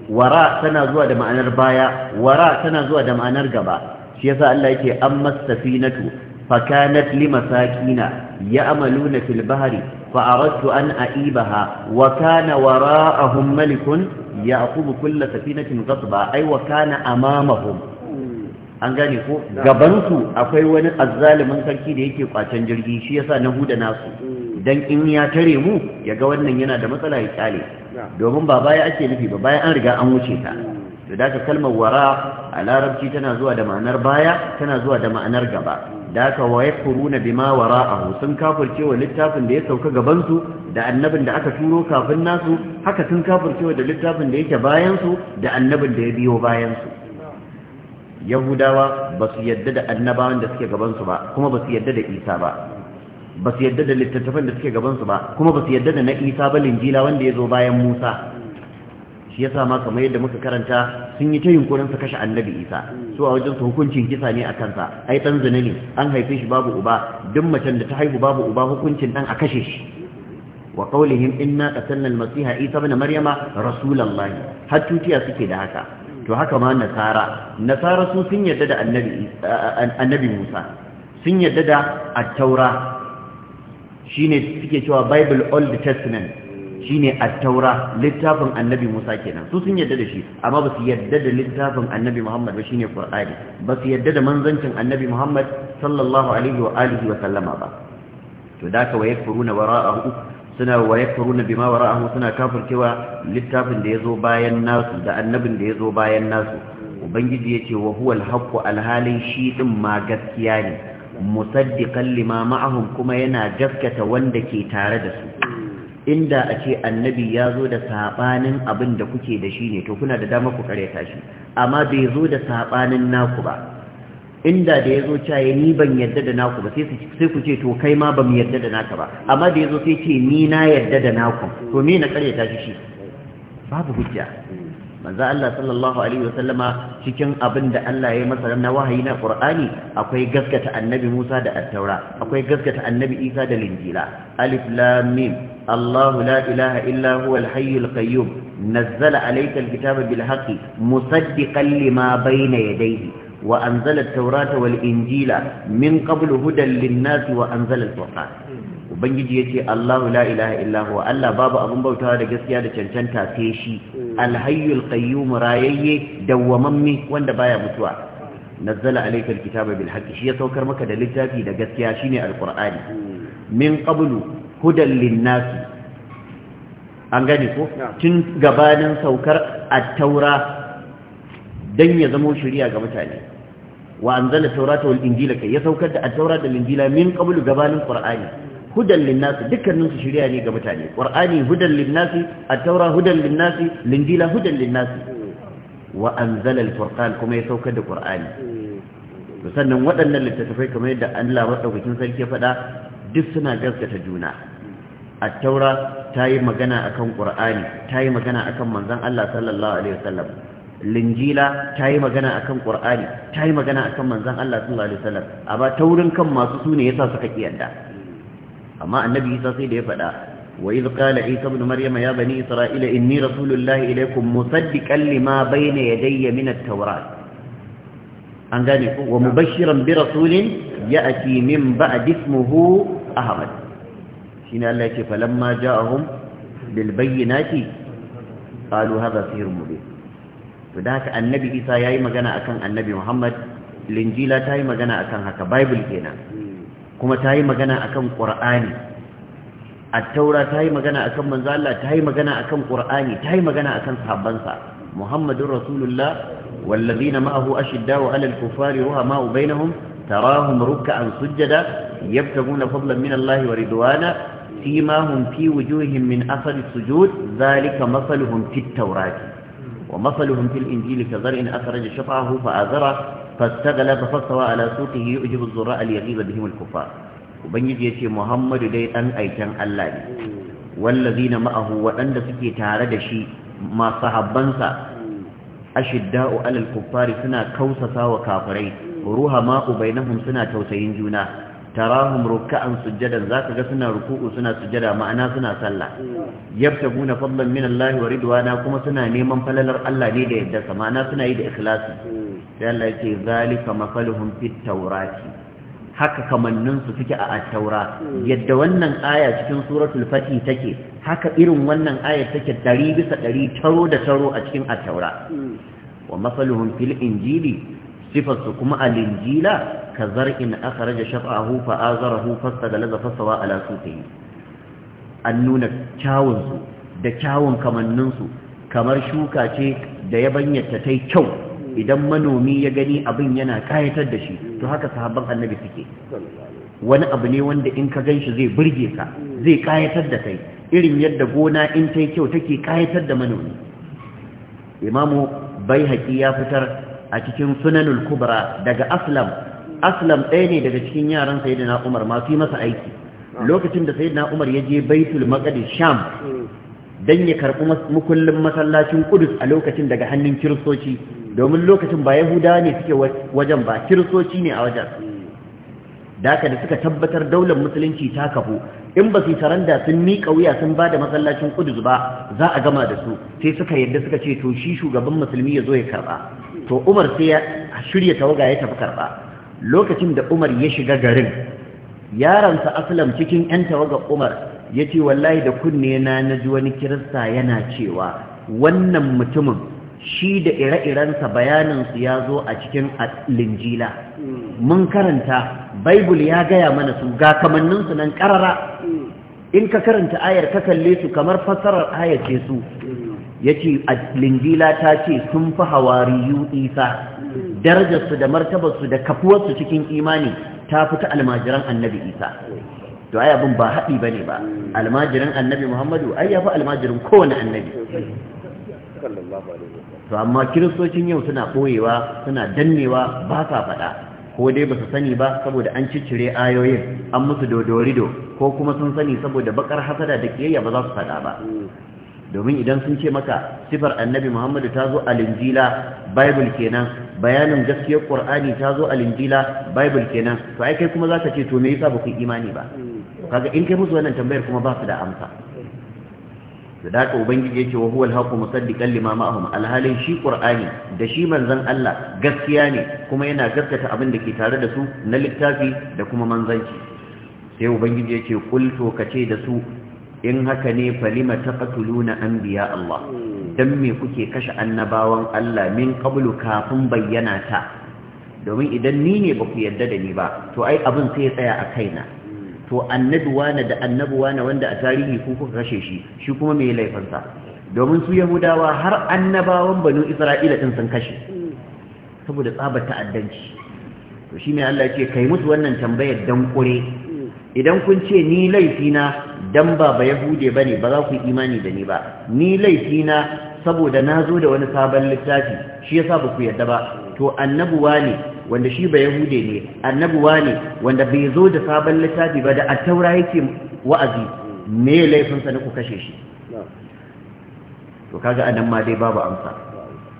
wara tana zuwa da ma'anar baya wara tana zuwa da ma'anar gaba shi yasa Allah yake an mastafinatu fakanat limasakina ya'maluna fil bahri fa aradtu an aibaha wa kana wara'ahum malikun Ya ya'khudhu kulla safinatin ba ay wa kana amamahum an gane ko gaban su akwai wani azzalimin sarki da yake kwacen jirgi shi yasa na huda nasu dan in ya tare mu yaga wannan yana da matsala ya kyale domin ba baya ake nufi ba bayan an riga an wuce ta to da kalmar wara a larabci tana zuwa da ma'anar baya tana zuwa da ma'anar gaba da aka waye kuruna bima wara'ahu sun kafircewa littafin da ya sauka gabansu da annabin da aka turo kafin nasu haka sun kafircewa da littafin da yake bayansu da annabin da ya biyo bayansu yahudawa ba su yadda da annabawan da suke gabansu ba kuma ba su yadda da isa ba ba su yadda da littattafan da suke gabansu ba kuma ba su yadda da na isa ba linjila wanda ya zo bayan musa shi yasa ma kamar yadda muka karanta sun yi ta yunkurin su kashe annabi isa Su a wajen su hukuncin kisa ne a kansa ai dan zina ne an haife shi babu uba duk macen da ta haihu babu uba hukuncin dan a kashe shi wa qawlihim inna qatalna al-masiha isa ibn maryama rasulullahi har tutiya suke da haka to haka ma nasara nasara su sun yarda da annabi annabi musa sun yarda da at-taura shine suke cewa bible old testament Shi ne a taura littafin annabi Musa kenan su sun yadda da shi amma ba su yadda da littafin annabi Muhammad ba shi shine Qur'ani ba su yadda da manzancin annabi Muhammad sallallahu alaihi wa alihi wa sallama ba to da ka wayakfuruna wara'ahu suna wayakfuruna bima wara'ahu suna kafircewa littafin da ya zo bayan nasu da annabin da ya zo bayan nasu ubangiji yace wa huwa al alhalin shi din ma gaskiya ne musaddiqan lima ma'ahum kuma yana gaskata wanda ke tare da su inda a ce annabi ya zo da saɓanin abin da kuke da shi ne to kuna da dama ku karyata shi amma bai zo da saɓanin naku ba inda da ya zo caye ni ban yarda da naku ba sai ku ce to kai ma ban yarda da naka ba amma da ya zo sai ce ni na yarda da naku to me na karyata shi shi babu hujja manzo Allah sallallahu alaihi wasallama cikin abin da Allah ya masa na wahayi na Qur'ani akwai gaskata annabi Musa da At-Taura akwai gaskata annabi Isa da Linjila alif lam mim الله لا إله إلا هو الحي القيوم نزل عليك الكتاب بالحق مصدقا لما بين يديه وأنزل التوراة والإنجيل من قبل هدى للناس وأنزل الفرقان ubangiji ya ce allahu la ilaha illahu allah babu abin bautawa da gaskiya da cancanta sai shi hmm. alhayyul qayyum rayayye dawwamamme wanda baya mutuwa nazzala alaykal kitaba bil haqqi shi ya saukar maka da littafi da gaskiya shine alqur'ani hmm. min qablu hudan linnasi an gani ko tun gabanin saukar at-taura dan ya zamo shari'a ga mutane wa anzala tawrata wal injila kai ya saukar da at-taura da injila min qablu gabanin qur'ani hudan linnasi dukkanin su shirya ne ga mutane qur'ani hudan linnasi at-taura hudan linnasi linjila hudan linnasi wa anzala al-furqan kuma ya saukar da qur'ani sannan waɗannan littattafai kamar yadda Allah madaukakin sarki ya faɗa duk suna gaskata juna at-taura ta yi magana akan qur'ani ta yi magana akan manzon Allah sallallahu alaihi wasallam linjila ta yi magana akan qur'ani ta yi magana akan manzon Allah sallallahu alaihi wasallam amma taurin kan masu sune yasa suka kiyanda amma annabi isa sai da ya faɗa wa iz qala isa ibn maryama ya bani isra'ila inni rasulullahi ilaykum musaddiqan lima bayna yadayya min at-taurat an gane ku wa mubashiran bi rasulin ya'ti min ba'd ismuhu ahmad shine Allah yake falamma ja'ahum bil bayyinati qalu hadha sihrun mubin to da haka annabi isa yayi magana akan annabi muhammad linjila ta yi magana akan haka bible kenan kuma ta yi magana a kan ƙura'ani a taura ta yi magana a kan manzala ta yi magana a kan ƙura'ani ta yi magana a kan sabansa muhammadin rasulullah wallazi na ma'ahu a shidda wa alalkufari ruwa ma'u bai na hun tara hun an sujjada ya fi taguna fablan min wa riduwana fi ma hun fi wujuhin min asali sujud zalika matsalihun fit taurati ومثلهم في الإنجيل كزرع أخرج شطعه فآزره فاستغلب فاستوى على سوقه يعجب الزراء ليغيظ بهم الكفار وبنجي يشي محمد دي أن أيتان الله والذين معه وأن سكي تارد شي ما صحبانسا أشداء على الكفار سنا كوسسا وكافرين روها ماء بينهم سنا توسين جناه tarahum ruk'an sujjadan zaka ga suna ruku'u suna sujjada ma'ana suna sallah yabtaguna fadlan min Allah wa ridwana kuma suna neman falalar Allah ne da yadda ma'ana suna yi da ikhlasi sai Allah yake zalika mafaluhum fit tawrati haka kamannin su suke a at-taura yadda wannan aya cikin suratul fatih take haka irin wannan aya take 100 bisa 100 taro da taro a cikin at-taura wa mafaluhum fil injili sifarsu kuma al-injila كزرع أخرج شفعه فآزره فاستغلظ فاستوى على سوقه an nuna kyawunsu da kyawun kamanninsu kamar shuka ce da ya banyarta ta kyau idan manomi ya gani abin yana kayatar da shi to haka sahabban annabi suke wani abu ne wanda in ka ganshi zai burge ka zai kayatar da kai irin yadda gona in ta kyau take kayatar da manomi imamu bai ya fitar a cikin sunanul kubra daga aslam aslam ɗaya ne daga cikin yaran sayyidina umar ma fi masa aiki ah. lokacin da sayyidina umar ya je baitul maqdis sham hmm. dan ya karɓi mukullin masallacin kudus a lokacin daga hannun kiristoci domin lokacin ba yahuda ne suke wajen ba kiristoci ne a wajen hmm. daka da suka tabbatar daular musulunci ta kafu in ba su saranda sun miƙa wuya sun ba da masallacin kudus ba za a gama da su sai suka yadda suka ce to shi shugaban musulmi ya zo ya karɓa hmm. to umar sai ya shirya tawaga ya tafi karɓa lokacin da umar ya shiga garin yaransa aslam cikin 'yan tawagar umar ya ce wallahi da kunne na na ji wani kirista yana cewa wannan mutumin shi da ire-irensa bayanin su ya zo a cikin linjila mun karanta baibul ya gaya mana su ga kamanninsu nan karara in ka karanta ayar ka kalle su kamar fassarar ayar ce su yace linjila ta ce sun fi hawariyu isa darajarsu da martabarsu da kafuwarsu cikin imani ta fita almajiran annabi isa to ai abin ba haɗi ba ne ba almajiran annabi muhammadu ai ya fi almajirin kowane annabi to amma kiristocin yau suna ɓoyewa suna dannewa ba sa faɗa ko dai ba su sani ba saboda an ciccire ayoyin an musu dodorido ko kuma sun sani saboda bakar hasada da kiyayya ba za su faɗa ba domin idan sun ce maka sifar annabi muhammadu ta zo a linjila bible kenan bayanin gaskiyar ƙwar'ani ta zo a linjila bible kenan to ai kai kuma za ka ce to me yasa ba ku imani ba kaga in kai musu wannan tambayar kuma ba su da amsa Da sadaka ubangiji yace wa huwal al-haqqu musaddiqan lima ma'ahum alhalin shi qur'ani da shi manzan Allah gaskiya ne kuma yana gaskata abin da ke tare da su na littafi da kuma manzanci sai ubangiji yace kulto to kace da su in haka ne falima ta an biya Allah dan me kuke kashe annabawan Allah min qablu kafin bayyana ta domin idan ni ne baku yarda da ni ba to ai abin sai tsaya a kaina to annabi da annabi wani wanda a tarihi ku kuka kashe shi shi kuma mai laifinsa domin su yahudawa har annabawan banu isra'ila din sun kashe saboda tsabar ta'addanci to shine Allah ya ce kai musu wannan tambayar dan kure idan kun ce ni laifina dan ba ba yahude bane ba za ku imani da ni ba ni laifina saboda na zo da wani sabon littafi shi yasa ba ku yarda ba to annabuwa ne wanda shi ba yahude ne annabuwa ne wanda bai zo da sabon littafi ba da attaura yake wa'azi me laifinsa na ku kashe shi to kaga anan ma dai babu amsa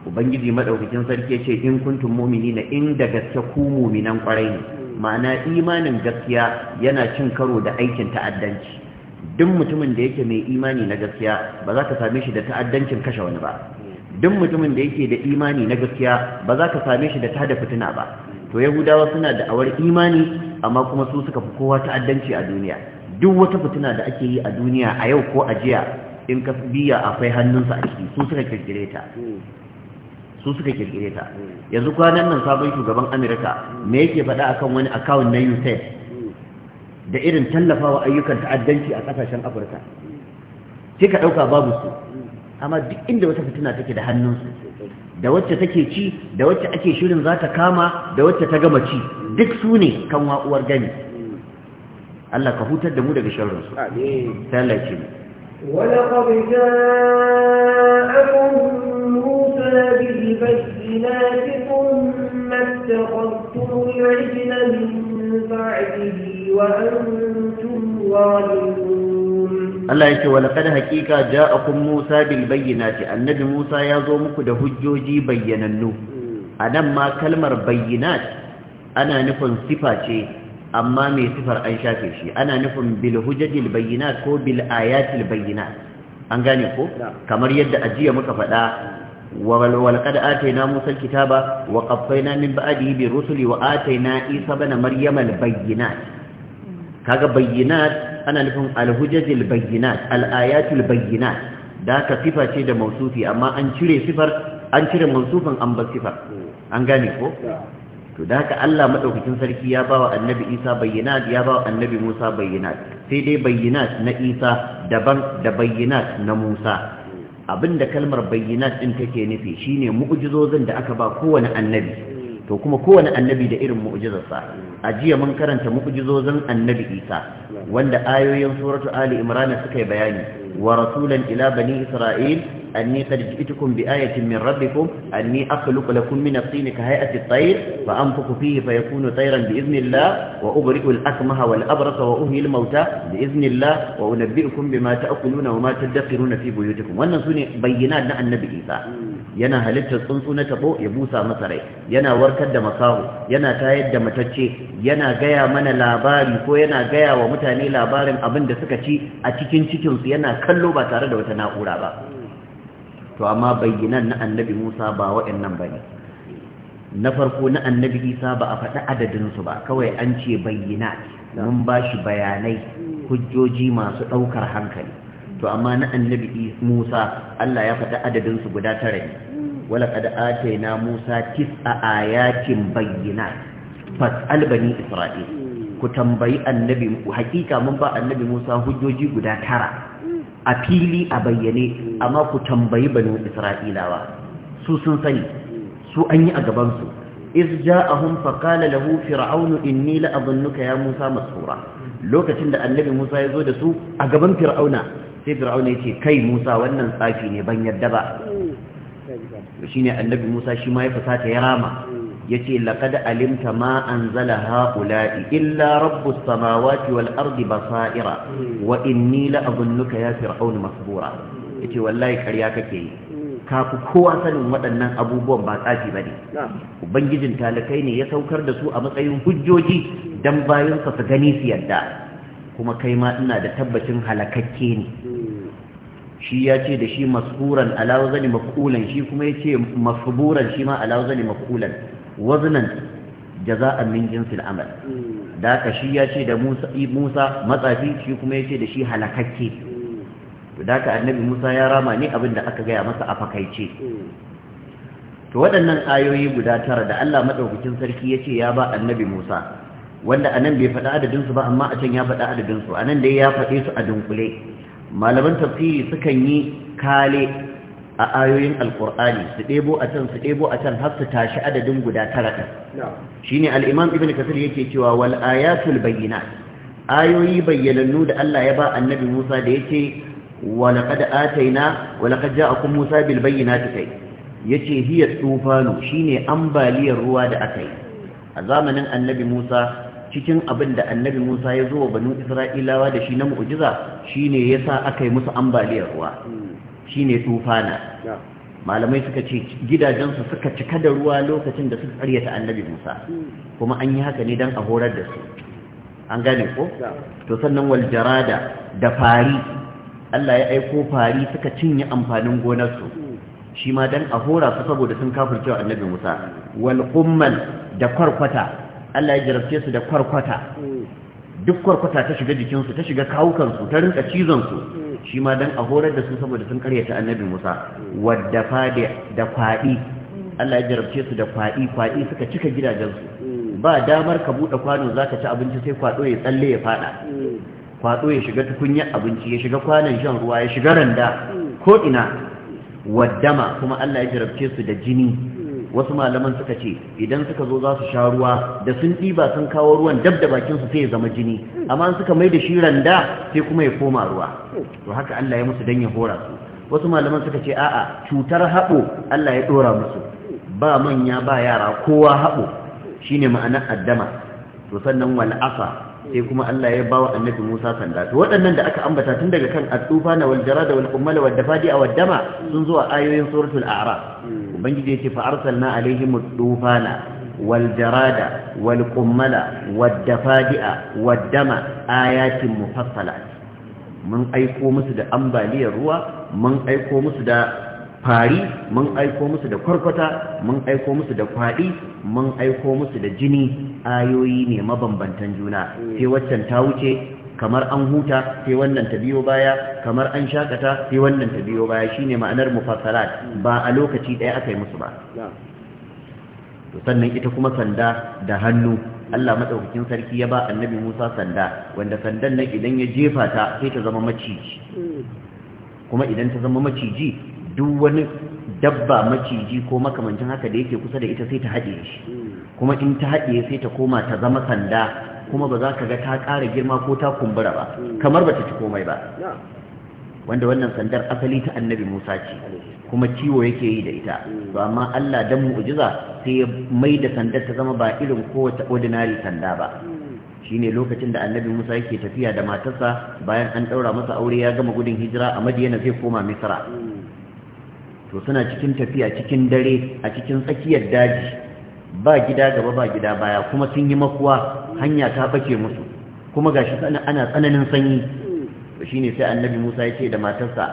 ubangiji maɗaukakin sarki ce, in kuntun na in da gaske ku mu'minan kwarai ne ma'ana imanin gaskiya yana cin karo da aikin ta'addanci duk mutumin da yake mai imani na gaskiya ba za ka same shi da ta'addancin kashe wani ba duk mutumin da yake da imani na gaskiya ba za ka same shi da ta tada fitina ba to yahudawa suna da awar imani amma kuma su suka fi kowa ta'addanci a duniya duk wata fitina da ake yi a duniya a yau ko a jiya in ka biya akwai hannunsa a ciki su suka kirkire ta su suka kirkire ta yanzu kwanan nan sabon shugaban amurka me yake faɗa akan wani akawun na usaid e da irin tallafawa ayyukan ta'addanci a ƙasashen afirka sai ka ɗauka babu su amma duk inda wata fitina take da hannunsu da wacce take ci da wacce ake shirin za ta kama da wacce ta gama ci duk su ne kan wa'uwar gani Allah ka hutar da mu daga sharrinsu. Amin. Wala بالبينات ثم اتخذتم العجل من بعده وأنتم ظالمون Allah ya ce wa laqad haqiqa ja'akum Musa bil bayyinati annabi Musa ya zo muku da hujjoji bayyanannu anan ma kalmar bayyinat ana nufin sifa ce amma mai sifar an shafe shi ana nufin bil hujjatil bayyinat ko bil ayatil bayyinat an gane ko kamar yadda ajiya muka faɗa ولقد آتينا موسى الكتاب وقفينا من بعده بالرسل وآتينا عيسى بن مريم البينات كذا بينات أنا لكم الهجج البينات الآيات البينات ذاك صفة شيء موصوفي أما أنشري صفر أنشري موصوفا أم بصفر أنغاني فو to da haka Allah madaukakin sarki ya bawa annabi Isa bayyinat ya bawa annabi Musa bayyinat sai dai bayyinat na Isa daban da bayyinat na Musa abinda kalmar bayyanat din take nufi shine mu'jizozin da aka ba kowane annabi to kuma kowane annabi da irin mu'jizarsa a jiya mun karanta mu'jizozin annabi isa wanda ayoyin suratu ali imran suka yi bayani wa rasulan ila bani isra'il anni qad ji'tukum bi ayatin min rabbikum anni akhluqu lakum min at-tin ka hay'ati at-tayr fa anfukhu fihi fayakunu tayran bi idhnillah wa ubri'u al-akmaha wal abrasa wa uhyi al-mauta bi idhnillah wa unabbi'ukum bima ta'kuluna wa ma tadakhiruna fi buyutikum wannan sune bayyinat na annabi isa yana halittar tsuntsu na tabo ya busa masa rai yana warkar da makaho yana tayar da matacce yana gaya mana labari ko yana gaya wa mutane labarin abin da suka ci a cikin cikinsu yana kallo ba tare da wata na'ura ba to amma bayyanan na annabi musa ba waɗannan ba ne na farko na annabi isa ba a faɗi adadinsu ba kawai an ce bayyana mun ba shi bayanai hujjoji masu ɗaukar hankali to amma na annabi Musa Allah ya faɗa adadin su guda tara ne wala kad ataina Musa tis'a ayatin bayyinat fas'al bani Isra'il ku tambayi annabi hakika mun ba annabi Musa hujjoji guda tara a fili a bayyane amma ku tambayi bani Isra'ilawa su sun sani su an yi a gaban su iz ja'ahum faqala lahu fir'aunu inni la'adhunnuka ya Musa masura lokacin da annabi Musa ya zo da su a gaban fir'auna sai fir'aun ya ce kai musa wannan tsafi ne ban yadda ba shi ne annabi musa shi ma ya fusata ya rama ya ce laƙad alimta ma an zala haƙula'i illa rabbus samawati wal ardi sa'ira. wa inni la'azunnuka ya fir'aun masbura ya ce wallahi ƙarya kake yi ka ku kowa sanin waɗannan abubuwan ba tsafi ba ne ubangijin talakai ne ya saukar da su a matsayin hujjoji don bayansa su gani su yadda kuma kai ma ina da tabbacin halakakke ne shi ya ce da shi masfuran alawazani wazani shi kuma ya ce masburan shi ma ala wazani maqulan waznan a min jinsil amal hmm. da ka shi ya ce da Musa matsafi shi kuma ya ce da shi halakakke to hmm. da ka annabi Musa ya rama ne abin da aka gaya masa a fakaice hmm. to waɗannan ayoyi guda tara da Allah madaukakin sarki ya ce ya ba annabi Musa wanda anan bai faɗa adadin ba amma a can ya faɗa adadin A nan dai ya faɗe su a dunkule malaman tafsiri sukan yi kale a ayoyin alkur'ani su ɗebo a can su ɗebo a can har su tashi adadin guda tara ɗin shine ne imam ibn kasir yake cewa wal ayatul bayyinat ayoyi bayyanannu da Allah ya ba annabi Musa da yake wa laqad ataina wa laqad ja'akum Musa bil bayyinati kai yace hiya tufanu shine ambaliyar ruwa da aka yi a zamanin annabi Musa cikin abin da annabi Musa ya zo wa banin Isra'ilawa da shi na mu'jiza shine yasa aka yi musu ambaliyar ruwa shine tufana malamai suka ce gidajensu suka cika da ruwa lokacin da suka karyata annabi Musa kuma an yi haka ne dan a horar da su an gane ko to sannan wal jarada da fari Allah ya aiko fari suka cinye amfanin gonarsu shi ma dan a hora su saboda sun kafircewa annabi Musa wal qummal da kwarkwata Allah ya jarabce su da kwarkwata duk kwarkwata ta shiga jikinsu ta shiga kawukansu ta rinka cizonsu shi ma don a horar da su saboda sun karyata annabi musa wadda da kwaɗi Allah ya jarabce su da kwaɗi kwaɗi suka cika gidajensu ba damar ka buɗe kwano za ka ci abinci sai kwaɗo ya tsalle ya faɗa kwaɗo ya shiga tukunyar abinci ya shiga kwanon shan ruwa ya shiga randa ko ina waddama kuma Allah ya jarabce su da jini wasu malaman suka ce idan suka zo za su sha ruwa da sun ɗiba sun kawo ruwan dab da bakin su sai ya zama jini amma suka mai da shi randa sai kuma ya koma ruwa to haka Allah ya musu dan ya hora su wasu malaman suka ce a'a cutar haɓo Allah ya ɗora musu ba manya ba yara kowa haɓo shine ma'anar addama to sannan wal'afa sai kuma Allah ya bawa annabi Musa sanda to waɗannan da aka ambata tun daga kan at-tufana wal jarada wal qummal wad dafadi'a wad dama sun zo a ayoyin suratul a'raf hmm. ubangiji yace fa arsalna alaihim at-tufana wal jarada wal qummala wad dafadi'a wad dama ayatin mufassalat mun aiko musu da ambaliyar ruwa mun aiko musu da fari mun aiko musu da kwarkwata mun aiko musu da kwaɗi mun aiko musu da jini ayoyi ne mabambantan juna sai waccan ta wuce kamar an huta sai wannan ta biyo baya kamar an shakata sai wannan ta biyo baya shine ma'anar mufassalat ba a lokaci ɗaya aka yi musu ba sannan ita kuma sanda da hannu Allah madaukakin sarki ya ba annabi Musa sanda wanda sandan nan idan ya jefa ta sai ta zama maciji kuma idan ta zama maciji duk wani dabba maciji ko makamancin haka da yake kusa da ita sai ta haɗe shi kuma in ta haɗe sai ta koma ta zama sanda kuma ba za ka ga ta ƙara girma ko ta kumbura ba kamar ba ta ci komai ba wanda wannan sandar asali ta annabi musa ce kuma ciwo yake yi da ita to amma allah dan mu'jiza sai ya mai da sandar ta zama ba irin kowace ordinary sanda ba Shi ne lokacin da annabi Musa yake tafiya da matarsa bayan an ɗaura masa aure ya gama gudun hijira a Madiyana zai koma Misra to suna cikin tafiya cikin dare a cikin tsakiyar daji ba gida gaba ba gida baya kuma sun yi makuwa hanya ta bace musu kuma gashi ana tsananin sanyi to shine sai annabi Musa ya ce da matarsa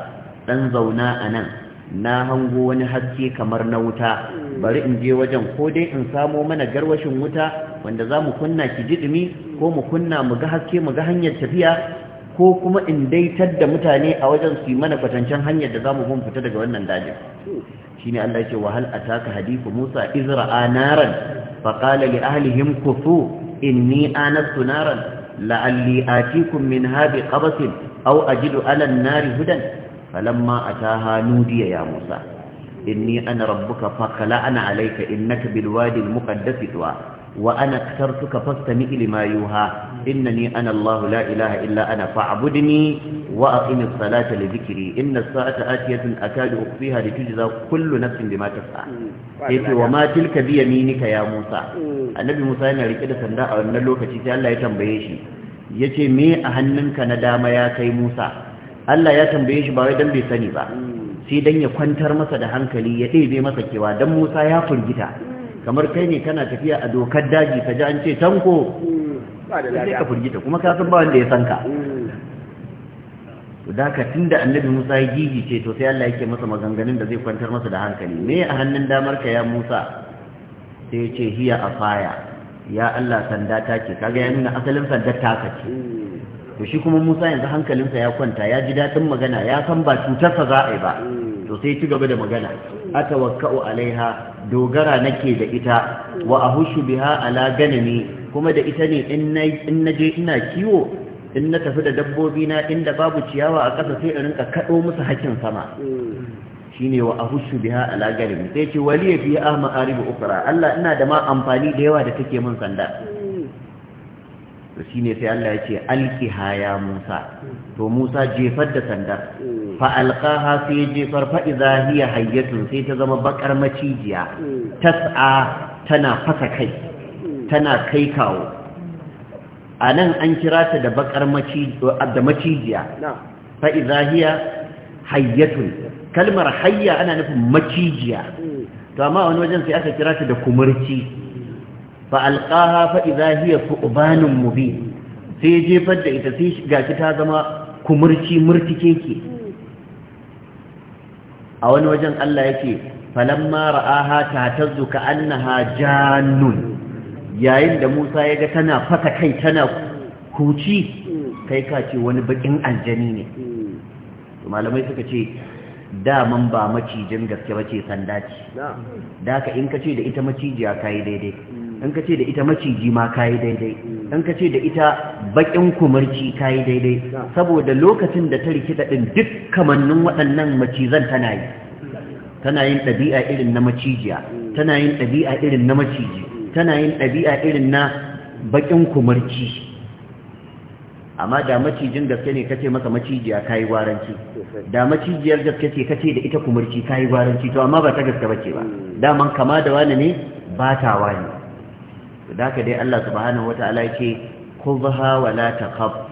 dan zauna anan, na hango wani haske kamar na wuta bari in je wajen ko dai in samo mana garwashin wuta wanda za mu kunna ki ko mu kunna mu ga haske mu ga hanyar tafiya ko kuma in daitar da mutane a wajen su yi mana kwatancen hanyar da za mu hun fita daga wannan dajin shi ne Allah ce wa a taka hadifu Musa izra a naran faƙala li ahlihim kufu inni anastu naran la'alli atikum min habi au a ajidu alan nari hudan falamma ataha nudiya ya Musa inni ana rabbuka faqala ana alaika innaka bil wadi al tuwa wa ana kasartuka fastami lima yuha innani ana Allah la ilaha illa ana fa'budni wa aqimi salata li dhikri inna as-sa'ata atiyatun akadu ukhfiha litujza kullu nafsin bima tas'a mm. yace wa ma tilka bi yaminika ya Musa mm. annabi Musa yana rike da sanda a wannan lokaci sai Allah ya tambaye shi yace me a hannunka na dama ya kai Musa Allah ya tambaye shi ba wai dan bai sani ba mm. sai dan ya kwantar masa da hankali ya ɗebe masa kewa dan Musa ya furgita kamar kai ne kana tafiya a dokar daji ka ji an ce tanko hmm, sai ka firgita kuma ka san ba wanda ya san ka hmm. da ka da annabi Musa ya ce to sai Allah yake masa maganganun da zai kwantar masa da hankali me a hannun damar ka ya Musa sai ya ce hiya afaya ya Allah sanda ta ce kaga ya nuna asalin sanda ta ce hmm. to shi kuma Musa yanzu hankalinsa ya kwanta ya ji dadin magana ya san ba cutarsa za a yi ba to sai ya ci gaba da magana atawakka'u alaiha dogara nake da ita wa ahushu biha ala kuma da ita ne in je ina kiwo in na tafi da dabbobi na inda babu ciyawa a ƙasa sai in rinka kaɗo musu hakin sama shine wa ahushu biha ala sai ce waliya fi a ma'aribu ukra Allah ina da ma amfani da yawa da take min sanda to shine sai Allah ya ce alkihaya Musa to Musa jefar da sanda fa alqaha sai jefar fa idza hiya hayyatun sai ta zama bakar macijiya tas'a tana fasa kai tana kai kawo anan an kira ta da bakar da macijiya fa idza hiya hayyatun kalmar hayya ana nufin macijiya to amma wani wajen sai aka kira ta da kumurci fa alqaha fa idza hiya thubanun mubin sai jefar da ita sai gashi ta zama kumurci murtike ke a wani wajen Allah yake falamma ra'aha ta tazu ka annaha jannun yayin da Musa ya ga tana faka kai tana kuci kai ka ce wani bakin aljani ne malamai suka ce daman ba macijin gaske ba ce sanda ce da ka in ka ce da ita macijiya kayi daidai in ka ce da ita maciji ma kayi daidai in ka ce da ita bakin kumarci ta yi daidai saboda lokacin da ta rikida ɗin duk kamannin waɗannan macizan tana yi tana yin ɗabi'a irin na macijiya tana yin ɗabi'a irin na maciji tana yin ɗabi'a irin na bakin kumarci amma da macijin gaske ne kace masa macijiya kayi gwaranci da macijiyar gaske ce kace da ita kumurci kayi gwaranci to amma ba ta gaske bace ba daman kama da wani ne ba ta wani da haka dai Allah subhanahu wataala yake Ko wa lata takhaf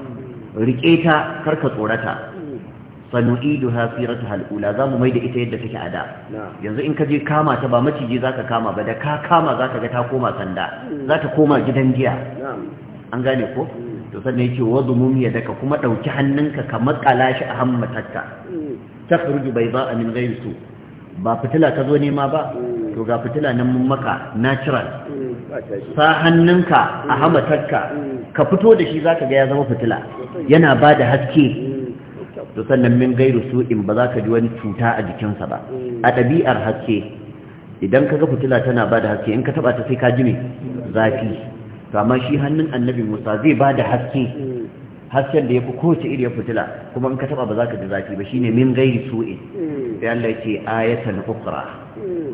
rike ta karka tsorata sanu'iduha siratuha al-ula zamu maida ita yadda take a da yanzu in ka je kama ta ba maciji zaka kama ba da ka kama zaka ga ta koma sanda zata koma gidan giya an gane ko mm. to sannan yake wadumum yadaka kuma dauki hannunka ka makala shi a hammatarka mm. takhruju bayda'a min ghayri su ba fitila ka zo nema ba mm. to ga fitila nan mun maka natural mm, sa hannunka a mm. hamatarka mm. ka fito da shi zaka ga ya zama fitila yana ba da haske to sannan min gairu in ba za ka ji wani cuta a jikinsa ba a ɗabi'ar haske idan ka ga fitila tana ba da haske in ka taba ta sai ka ji ne zafi to amma shi hannun annabi musa zai ba da haske hasken da ya fi kowace iriyar fitila kuma in ka taba ba za ka ji zafi ba shine min gairi su'in sai Allah ya ce ayatan ukra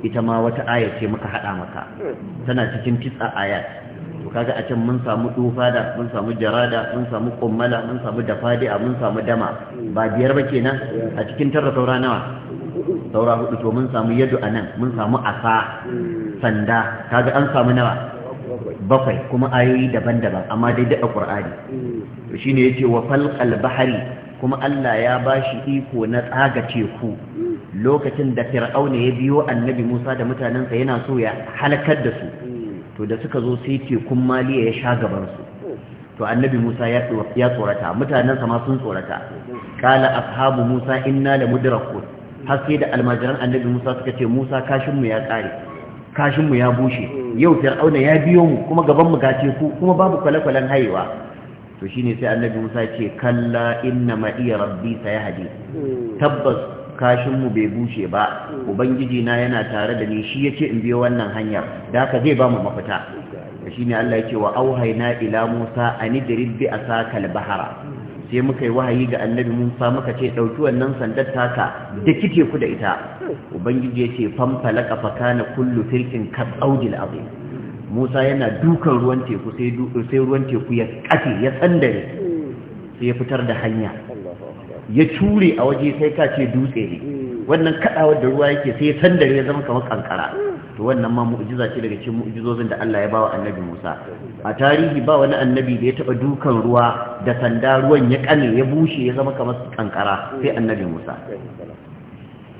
ita ma wata aya ce muka haɗa maka tana cikin tisa ayat to kaga a can mun samu da mun samu jarada mun samu kummala mun samu dafadi'a mun samu dama ba biyar ba kenan a cikin tarra saura nawa saura hudu to mun samu yadu anan mun samu asa sanda kaga an samu nawa bakwai kuma ayoyi daban-daban amma dai da qur'ani to shine yace wa falqal bahri kuma Allah ya ba shi iko na tsaga teku lokacin da fir'auna ya biyo annabi Musa da mutanensa yana so ya halakar da su to da suka zo sai tekun maliya ya sha gaban su to annabi Musa ya tsorata mutanensa ma sun tsorata kala ashabu Musa inna la mudrakun har da almajiran annabi Musa suka ce Musa kashin mu ya kare kashin mu ya bushe yau fir'auna ya biyo mu kuma gaban mu ga teku kuma babu kwale-kwalen haihuwa to shine sai annabi Musa ce kalla inna ma iya rabbi sayahdi tabbas kashinmu bai bushe ba ubangiji na yana tare da ni shi yace in biyo wannan hanyar da haka zai bamu mafita shi ne Allah yake wa auhaina ila Musa an idrib bi asakal bahara sai muka yi wahayi ga annabi Musa muka ce dauki wannan sandar taka da kike ku da ita ubangiji yace famfalaka fakana kullu firkin kasaudil azim Musa yana dukan ruwan teku sai ruwan teku ya kace ya tsandare sai ya fitar da hanya ya cure a waje sai ka ce dutse ne wannan kadawar da ruwa yake sai ya ya zama kamar kankara to wannan ma mu'jiza ce daga cikin mu'jizozin da Allah ya bawa annabi Musa a tarihi ba wani annabi da ya taba dukan ruwa da sanda ruwan ya kane ya bushe ya zama kamar kankara sai annabi Musa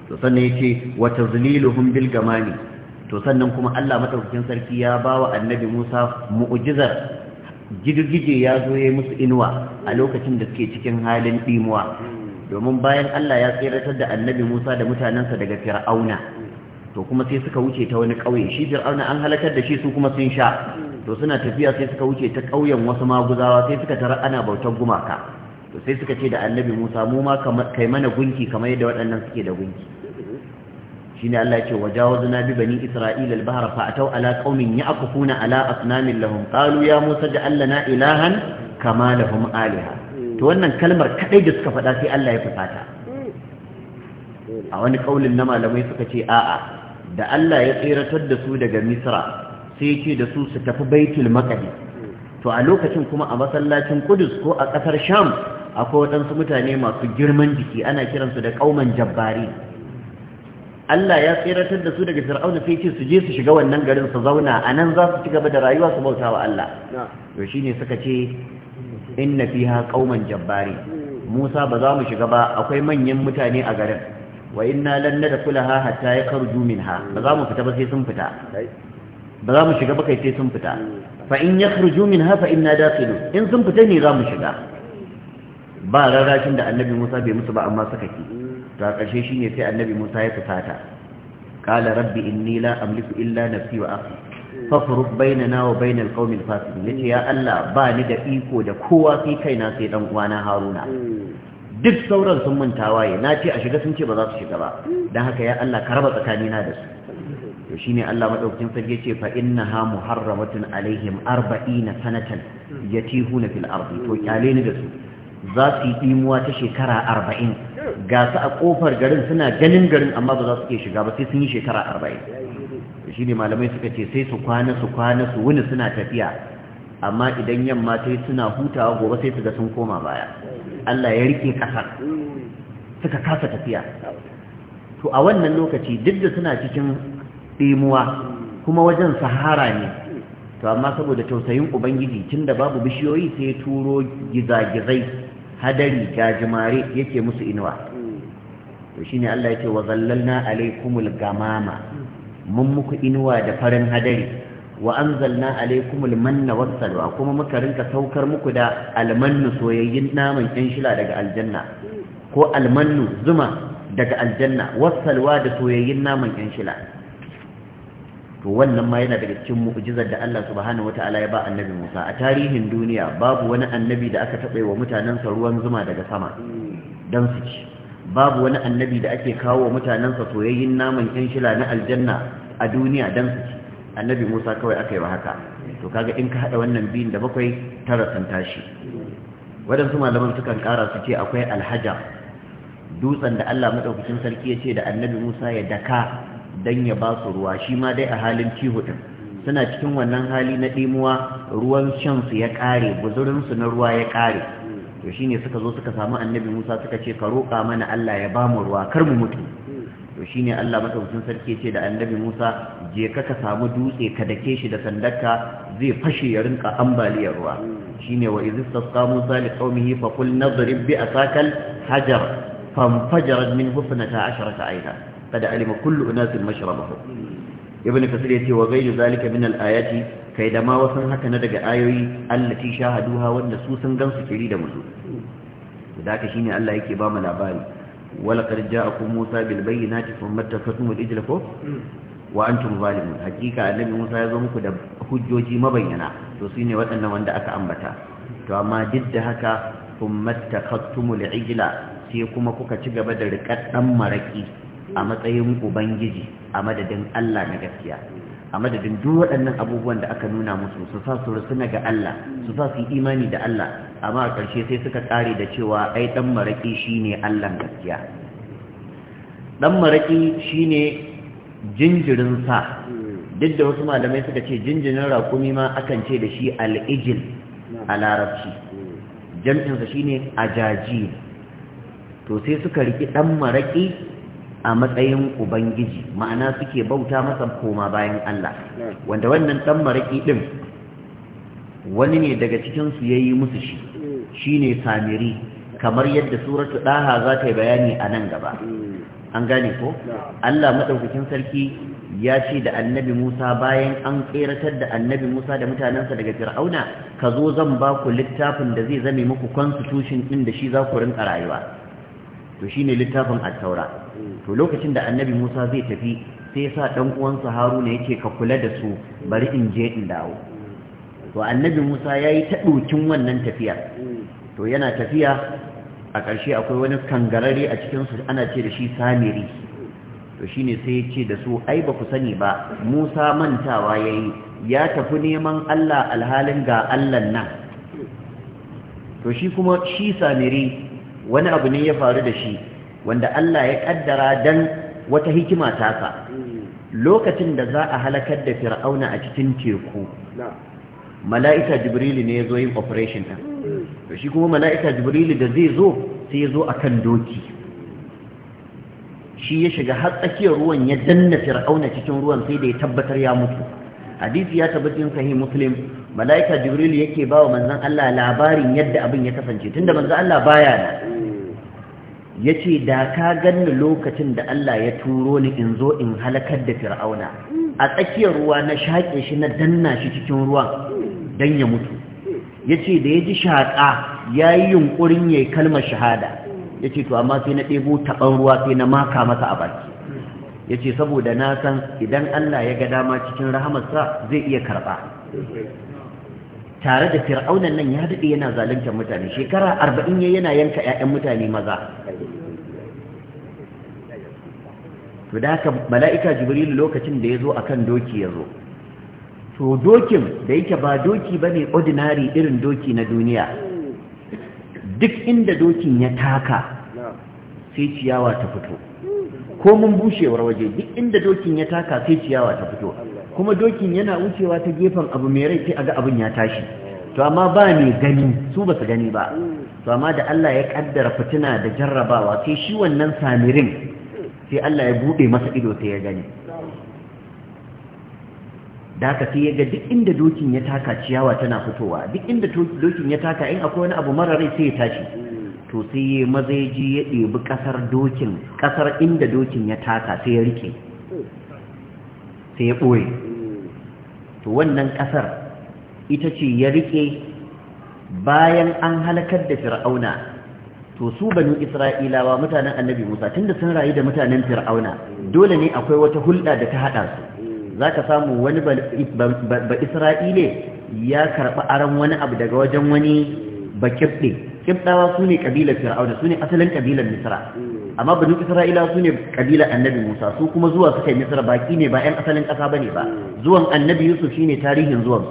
to sannan yace wa tazliluhum bil gamani to sannan kuma Allah madaukakin sarki ya ba wa annabi Musa mu'jizar girgije ya zo ya musu inuwa a lokacin da suke cikin halin ɗimuwa domin bayan Allah ya tseratar da annabi Musa da mutanensa daga fir'auna to kuma sai suka wuce ta wani ƙauye shi fir'auna an halakar da shi su kuma sun sha to suna tafiya sai suka wuce ta ƙauyen wasu maguzawa sai suka tara ana bautar gumaka to sai suka ce da annabi Musa mu ma kai mana gunki kamar yadda waɗannan suke da gunki shine Allah ya ce wajawazna bi bani isra'ila al-bahra fa ataw ala qaumin yaqfuna ala asnamin lahum qalu ya musa ja'al lana ilahan kama lahum aliha to wannan kalmar kadai da suka faɗa sai Allah ya fusata a wani kaulin na malamai suka ce a'a da Allah ya tseratar da su daga misra sai ya ce da su su tafi baitul maqdis to a lokacin kuma a masallacin Qudus ko a kasar Sham akwai waɗansu mutane masu girman jiki ana kiransu da kauman jabbari Allah ya tseratar da su daga fir'auna sai ce su je su shiga wannan garin su zauna a nan za su ci gaba da rayuwa su bauta wa Allah to ne suka ce inna fiha qauman jabbari Musa ba za mu shiga ba akwai manyan mutane a garin wa inna lan nadkhulaha hatta yakhruju minha ba za mu fita ba sai sun fita ba za mu shiga ba kai sai sun fita fa in yakhruju minha fa inna dakhilun in sun fita ne za mu shiga ba rarrashin da annabi Musa bai musu ba amma suka ki to a ƙarshe sai annabi Musa ya fusata qala rabbi in la amliku illa nafsi wa akhi baina bainana wa bainal qaumil Ya yace ya Allah ba ni da iko da kowa sai kaina sai dan uwana Haruna duk sauran sun mun tawaye na ce a shiga sun ce ba za su shiga ba dan haka ya Allah ka raba tsakanina da su to shine Allah madaukakin sarki yace fa ha muharramatun alaihim 40 sanatan yatihuna fil ardi to kyale ni da su za su yi imuwa ta shekara arba'in ga su a kofar garin suna ganin garin amma ba za su ke shiga ba sai sun yi shekara arba'in shi ne malamai suka ce sai su kwana su kwana su wuni suna tafiya amma idan yamma sai suna hutawa gobe sai su ga sun koma baya Allah ya rike kasar suka kasa tafiya to a wannan lokaci duk da suna cikin ɗimuwa kuma wajen sahara ne to amma saboda tausayin ubangiji tun da babu bishiyoyi sai turo gizagizai hadari gajimare yake musu inuwa to shine Allah yake wa zallalna alaikumul gamama mun muku inuwa da farin hadari wa anzalna alaikumul manna wassalwa kuma muka rinka saukar muku da almannu soyayyin naman yan shila daga aljanna ko almannu zuma daga aljanna wassalwa da soyayyin naman yan shila to wannan ma yana daga cikin mu'jizar da Allah subhanahu wata'ala ya ba annabi Musa a tarihin duniya babu wani annabi da aka taɓa wa mutanensa ruwan zuma daga sama don su ci babu wani annabi da ake kawo mutanensa soyayyin naman yan shila na aljanna a duniya don su ci annabi Musa kawai aka yi wa haka to kaga in ka haɗa wannan biyun da bakwai tara sun tashi waɗansu malaman sukan ƙara su ce akwai alhaja dutsen da Allah maɗaukacin sarki ya ce da annabi Musa ya daka Dan ya ba su ruwa shi ma dai a halin tihu din. suna cikin wannan hali na ɗimuwa ruwan shansu ya ƙare guzurinsu na ruwa ya ƙare to shi ne suka zo suka samu annabi musa suka ce ka roƙa mana allah ya ba mu ruwa kar mu mutu to shi ne allah maɗaukin sarki ce da annabi musa je ka ka samu dutse ka dake shi da sandarka zai fashe ya rinka ambaliyar ruwa shi ne wa izis tasqa musa li qaumihi fa qul nadrib bi asakal hajar fanfajarat min husnata asharata aida. kada alima kullu unasin mashrabahu ibn ya ce, wa ghayru zalika min al-ayati kai da ma wasan haka na daga ayoyi allati shahaduha wanda su sun gansu kiri da musu da haka shine Allah yake ba mu labari wala qad ja'akum musa bil bayyinati thumma takasum al ijlafu wa antum zalimun hakika annabi musa ya zo muku da hujjoji mabayyana to shine waɗannan wanda aka ambata to amma duk da haka thumma takasum al ijla sai kuma kuka ci gaba da riƙar maraƙi? a matsayin ubangiji a madadin Allah na gaskiya a madadin duk waɗannan abubuwan da aka nuna musu su sa su rusuna ga Allah su sa su imani da Allah amma a ƙarshe sai suka ƙare da cewa ai ɗan maraƙi shine na gaskiya ɗan maraƙi shine jinjirin sa duk da wasu malamai suka ce jinjirin raƙumi ma akan ce da shi al'ijil a larabci jam'insa shine ajaji to sai suka riki ɗan maraƙi a matsayin ubangiji ma'ana suke bauta masa koma bayan Allah wanda wannan dan maraki din wani ne daga cikin su yayi musu shi shine samiri kamar yadda suratu daha za ta yi bayani a nan gaba an gane ko Allah madaukakin sarki ya ce da annabi Musa bayan an tseratar da annabi Musa da mutanensa daga Fir'auna ka zo zan ba ku littafin da zai zame muku constitution din da shi za ku rinka rayuwa to shine littafin at to lokacin da annabi musa zai tafi sai sa ɗan uwansa haruna yake ka kula da su bari in je in dawo to annabi musa ya yi ta wannan tafiya to yana tafiya a ƙarshe akwai wani kangarare a cikin su ana ce da shi samiri to shi ne sai ya ce da su ai ba ku sani ba musa mantawa ya yi ya tafi neman allah alhalin ga allan nan to shi kuma shi samiri wani abu ne ya faru da shi wanda Allah ya kaddara dan wata hikima ta sa lokacin da za a halakar da fir'auna a cikin teku mala'ika jibrilu ne ya zo yin operation ɗin to shi kuma mala'ika jibrilu da zai zo sai ya zo a kan doki shi ya shiga har tsakiyar ruwan ya danna fir'auna cikin ruwan sai da ya tabbatar ya mutu hadisi ya tabbatin sahih muslim mala'ika jibrilu yake ba wa manzon Allah labarin yadda abin ya kasance tunda manzon Allah baya na ya ce da ka ganni lokacin da Allah ya turo ni in zo in halakar da fir'auna a tsakiyar ruwa na shaƙe shi na danna shi cikin ruwan don ya mutu ya ce da ya ji shaƙa ya yi yunƙurin ya yi kalmar shahada ya ce to amma sai na ɗebo taɓan ruwa sai na maka masa a baki ya ce saboda na san idan Allah ya ga dama cikin rahamarsa zai iya karɓa tare da fir'aunan nan ya daɗe yana zaluntar mutane shekara arba'in ya yana yanka 'ya'yan mutane maza to da haka mala'ika jibrilu lokacin da ya zo a kan doki ya zo to dokin da yake ba doki ba ne ordinary irin doki na duniya duk inda dokin ya taka sai ciyawa ta fito ko mun bushewar waje duk inda dokin ya taka sai ciyawa ta fito kuma dokin yana wucewa ta gefen abu mai rai sai aga abin ya tashi to amma ba ne gani su ba su gani ba to amma da Allah ya kaddara fitina da jarrabawa sai shi wannan samirin sai Allah ya bude masa ido sai ya gani da haka sai ya ga duk inda dokin ya taka ciyawa tana fitowa duk inda dokin ya taka in akwai wani abu mara rai sai ya tashi to sai ya maza ya je ya ɗebi ƙasar dokin ƙasar inda dokin ya taka sai ya rike sai ya ɓoye to wannan ƙasar ita ce ya riƙe bayan an halakar da fir'auna to su banu isra'ilawa mutanen annabi musa tunda sun rayu da mutanen fir'auna dole ne akwai wata hulɗa da ta haɗa su za ka samu wani ba isra'ile ya karɓi aron wani abu daga wajen wani ba kibɗe kibɗawa su ne ƙabilar fir'auna su ne asalin ƙabilar misra amma banu isra'ila su ne kabila annabi musa su kuma zuwa suka yi misra baki ne ba yan asalin kasa bane ba zuwan annabi yusuf shine tarihin zuwan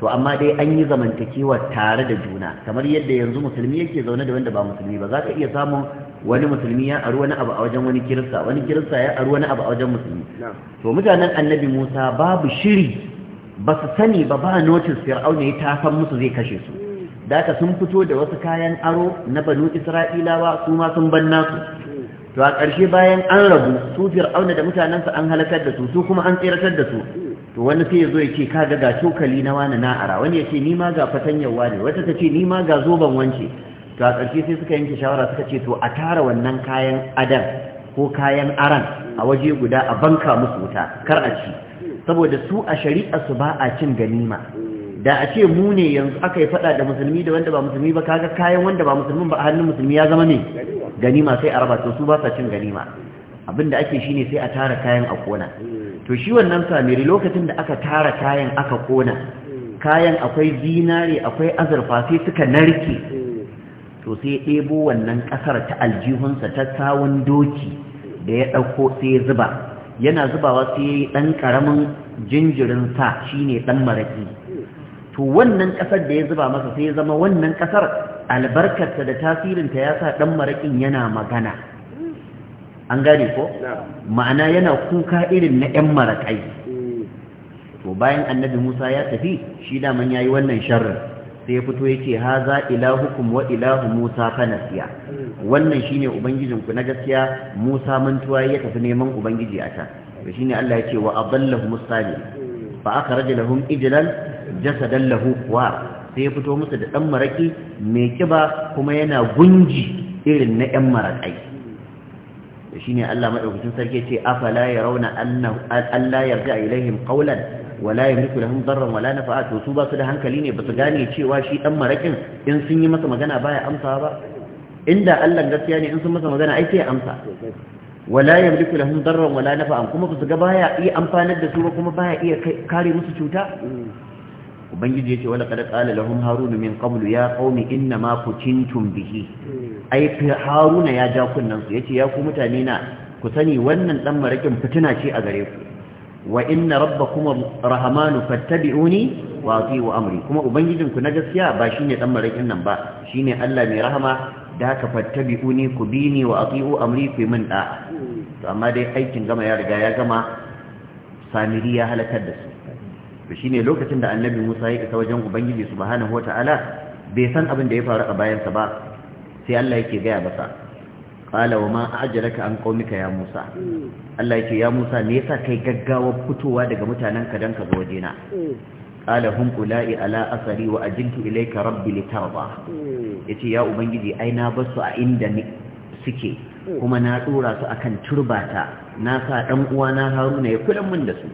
to amma dai an yi zamantakewa tare da juna kamar yadda yanzu musulmi yake zaune da wanda ba musulmi ba za ka iya samun wani musulmi ya aru wani abu a wajen wani kirista wani kirista ya aru wani abu a wajen musulmi to mutanen annabi musa babu shiri ba su sani ba ba notice fir'auna ya san musu zai kashe su da sun fito da wasu kayan aro na banu isra'ilawa su ma sun ban nasu to a ƙarshe bayan an rabu su fir'auna da mutanensa an halakar da su su kuma an tseratar da su to wani sai ya zo ya ce ka ga ga cokali na wani na wani ya ce ni ma ga fatanyar ne, wata ta ce ni ma ga zoben wance to a ƙarshe sai suka yanke shawara suka ce to a tara wannan kayan adam ko kayan aran a waje guda a banka musu wuta kar a ci saboda su a shari'a su ba a cin ganima da a ce mu ne yanzu aka yi fada da musulmi da wanda ba musulmi ba kaga kayan wanda ba musulmin ba a hannun musulmi ya zama ne ganima sai a raba to su ba sa cin ganima abinda ake shine sai a tara kayan a kona to shi wannan samiri lokacin da aka tara kayan aka kona kayan akwai zinare akwai azurfa sai suka narke to sai ɗebo wannan ƙasar ta aljihunsa ta tsawon doki da ya ɗauko sai zuba yana zubawa sai ya yi ɗan ƙaramin jinjirin sa shine ɗan maraƙi to wannan ƙasar da ya zuba masa sai ya zama wannan ƙasar albarkarta da tasirinta ya sa ɗan maraƙin yana magana an gane ko ma'ana yana kuka irin na 'yan maraƙai mm. to bayan annabi musa ya tafi shi daman ya yi wannan sharrin sai ya fito ya ce ha za ilahukum wa ilahu musa fanasiya mm. wannan shine ubangijinku na gaskiya musa mantuwa ya tafi neman ubangiji a can Shi ne allah ya ce wa aballahu musali mm. fa akhraja lahum ijlan jasadan lahu wa sai ya fito musu da ɗan maraki mai kiba kuma yana gunji irin na yan marakai shine Allah maɗaukacin sarki ce afala yarawna annahu alla yarja ilaihim qawlan wala yamliku lahum darran wala nafa'a to su ba su da hankali ne ba su gane cewa shi ɗan maraƙin? in sun yi masa magana baya amsa ba inda Allah gaskiya ne in sun masa magana ai sai amsa wala yamliku lahum darran wala nafa'an kuma su ga baya iya amfanar da su ba kuma baya iya kare musu cuta ubangiji yace wala qad qala lahum harun min qablu ya qaumi inna ma kuntum biki ai haruna ya ja kunnan su yace yaku ku mutane na ku sani wannan dan marakin fitina ce a gare ku wa inna rabbakum rahmanu fattabi'uni wa ati'u amri kuma ubangijinku na gaskiya ba shine dan marakin nan ba shine Allah mai rahama da ka haka uni ku bini wa ati'u amri fi min da to amma dai aikin gama ya riga ya gama samiri ya halakar da su to shine lokacin da annabi Musa ya isa wajen ubangiji subhanahu wataala bai san abin da ya faru a bayansa ba sai Allah yake gaya masa qala wa ma ajraka an qaumika ya Musa Allah yake ya Musa me yasa kai gaggawa fitowa daga mutanen ka dan ka zo wajena qala hum ulai ala asari wa ajiltu ilayka rabbi litarda yace ya ubangiji ai na basu a inda suke kuma na dora su a kan turbata na sa dan uwana haruna ya kula mun da su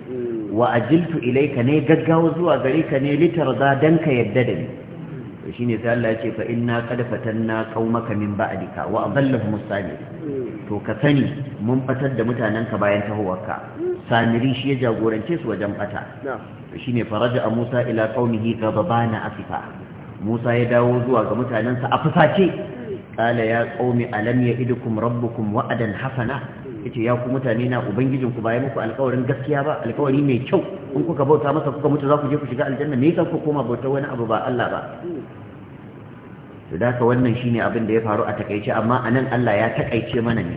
wa ajiltu ilayka ne gaggawa zuwa gare ka ne litarda dan ka yadda da ni to shine sai Allah ya ce fa inna qad fatanna qaumaka min ba'dika wa adallahum as to ka sani mun fatar da mutanen ka bayan tahowarka samiri shi ya jagorance su wajen bata to shine faraja Musa ila qaumihi bana asifa Musa ya dawo zuwa ga mutanensa a fusace qala ya qaumi alam ya'idukum rabbukum wa'adan hasana yace ya ku mutane na ubangijin ku bayan muku alƙawarin gaskiya ba alƙawari mai kyau in kuka bauta masa kuka mutu za ku je ku shiga aljanna me yasa ku koma bautar wani abu ba Allah ba to da ka wannan shine abin da ya faru a takaice amma anan Allah ya takaice mana ne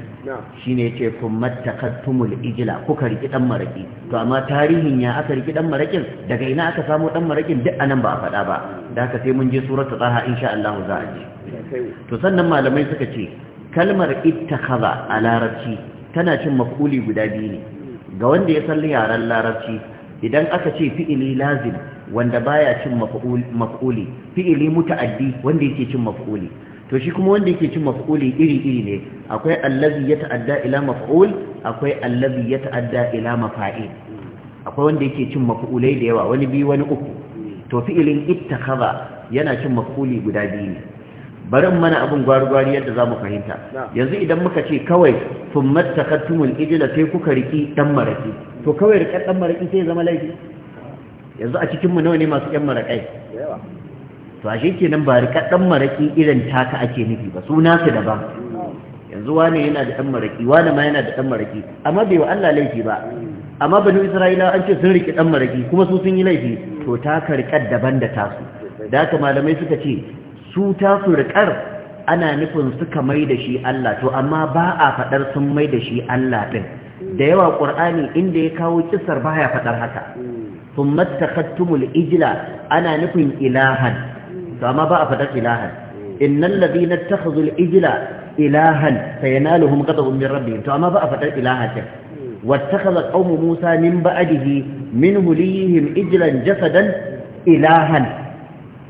shine yace kun mattakattumul ijla kuka riki dan maraki to amma tarihin ya aka riki dan marakin daga ina aka samu dan marakin duk anan ba a faɗa ba da ka sai mun je suratu taha insha Allah za a ji to sannan malamai suka ce kalmar ittakhadha a larabci tana cin maf'uli guda biyu ne ga wanda ya san yaren larabci idan aka ce fi'ili lazim wanda baya cin maf'uli fi'ili muta'addi wanda yake cin maf'uli to shi kuma wanda yake cin maf'uli iri-iri ne akwai allazi ya ta'adda ila maf'ul akwai allazi ya ta'adda ila mafa'il akwai wanda yake cin maf'ulai da yawa wani biyu wani uku to fi'ilin ittakhadha yana cin maf'uli guda biyu ne bari mana abin gwari-gwari yadda za mu fahimta yanzu idan muka ce kawai sun matakattumul ijila sai kuka riki dan maraki to kawai rikar dan maraki sai zama laifi yanzu a cikinmu nawa ne masu yan marakai to a ashe kenan ba rikar dan maraki irin taka ake nufi ba suna su daban yanzu wane yana da dan maraki wane ma yana da dan maraki amma bai wa Allah laifi ba amma banu Isra'ila an ce sun riki dan maraki kuma su sun yi laifi to taka rikar daban da tasu da haka malamai suka ce su ta surƙar ana nufin suka mai da shi Allah to amma ba a faɗar sun mai da shi Allah ɗin da yawa ƙur'ani inda ya kawo kisar ba ya faɗar haka sun kattumul ijila ana nufin ilahan to amma ba a faɗar ilahan innan ladina takhazul ijila ilahan sayanaluhum ghadabun min rabbihim to amma ba a faɗar ilahan ɗin واتخذ قوم موسى من بعده من هليهم إجلا ilahan,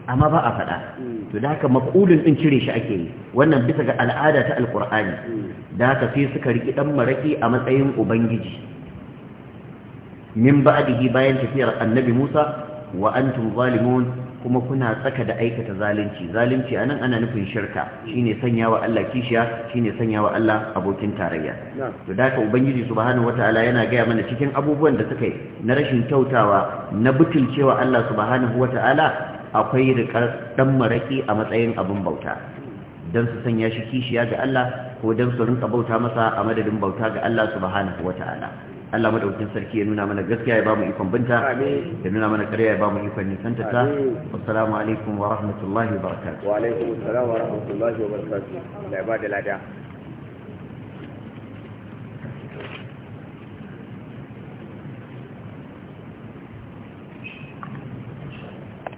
amma ba a faɗa. to da haka makulin din cire shi ake yi wannan bisa ga al'ada ta alkur'ani da haka sai suka riki dan maraki a matsayin ubangiji min ba'dihi bayan tafiyar annabi Musa wa antum zalimun kuma kuna tsaka da aikata zalunci zalunci anan ana nufin shirka shine sanyawa Allah kishiya shine sanyawa Allah abokin tarayya to da haka ubangiji subhanahu wataala yana gaya mana cikin abubuwan da suka yi na rashin kyautawa na butulcewa Allah subhanahu wataala akwai rikar dan maraki a matsayin abin bauta don su sanya shi kishiya ga Allah ko don su rinka bauta masa a madadin bauta ga Allah subhanahu wata'ala Allah madaukakin sarki ya nuna mana gaskiya ya bamu ikon binta ya nuna mana ƙarya ya bamu ikon nisanta ta assalamu alaikum wa rahmatullahi wa barakatuh wa alaikum assalam wa rahmatullahi wa barakatuh da ba lada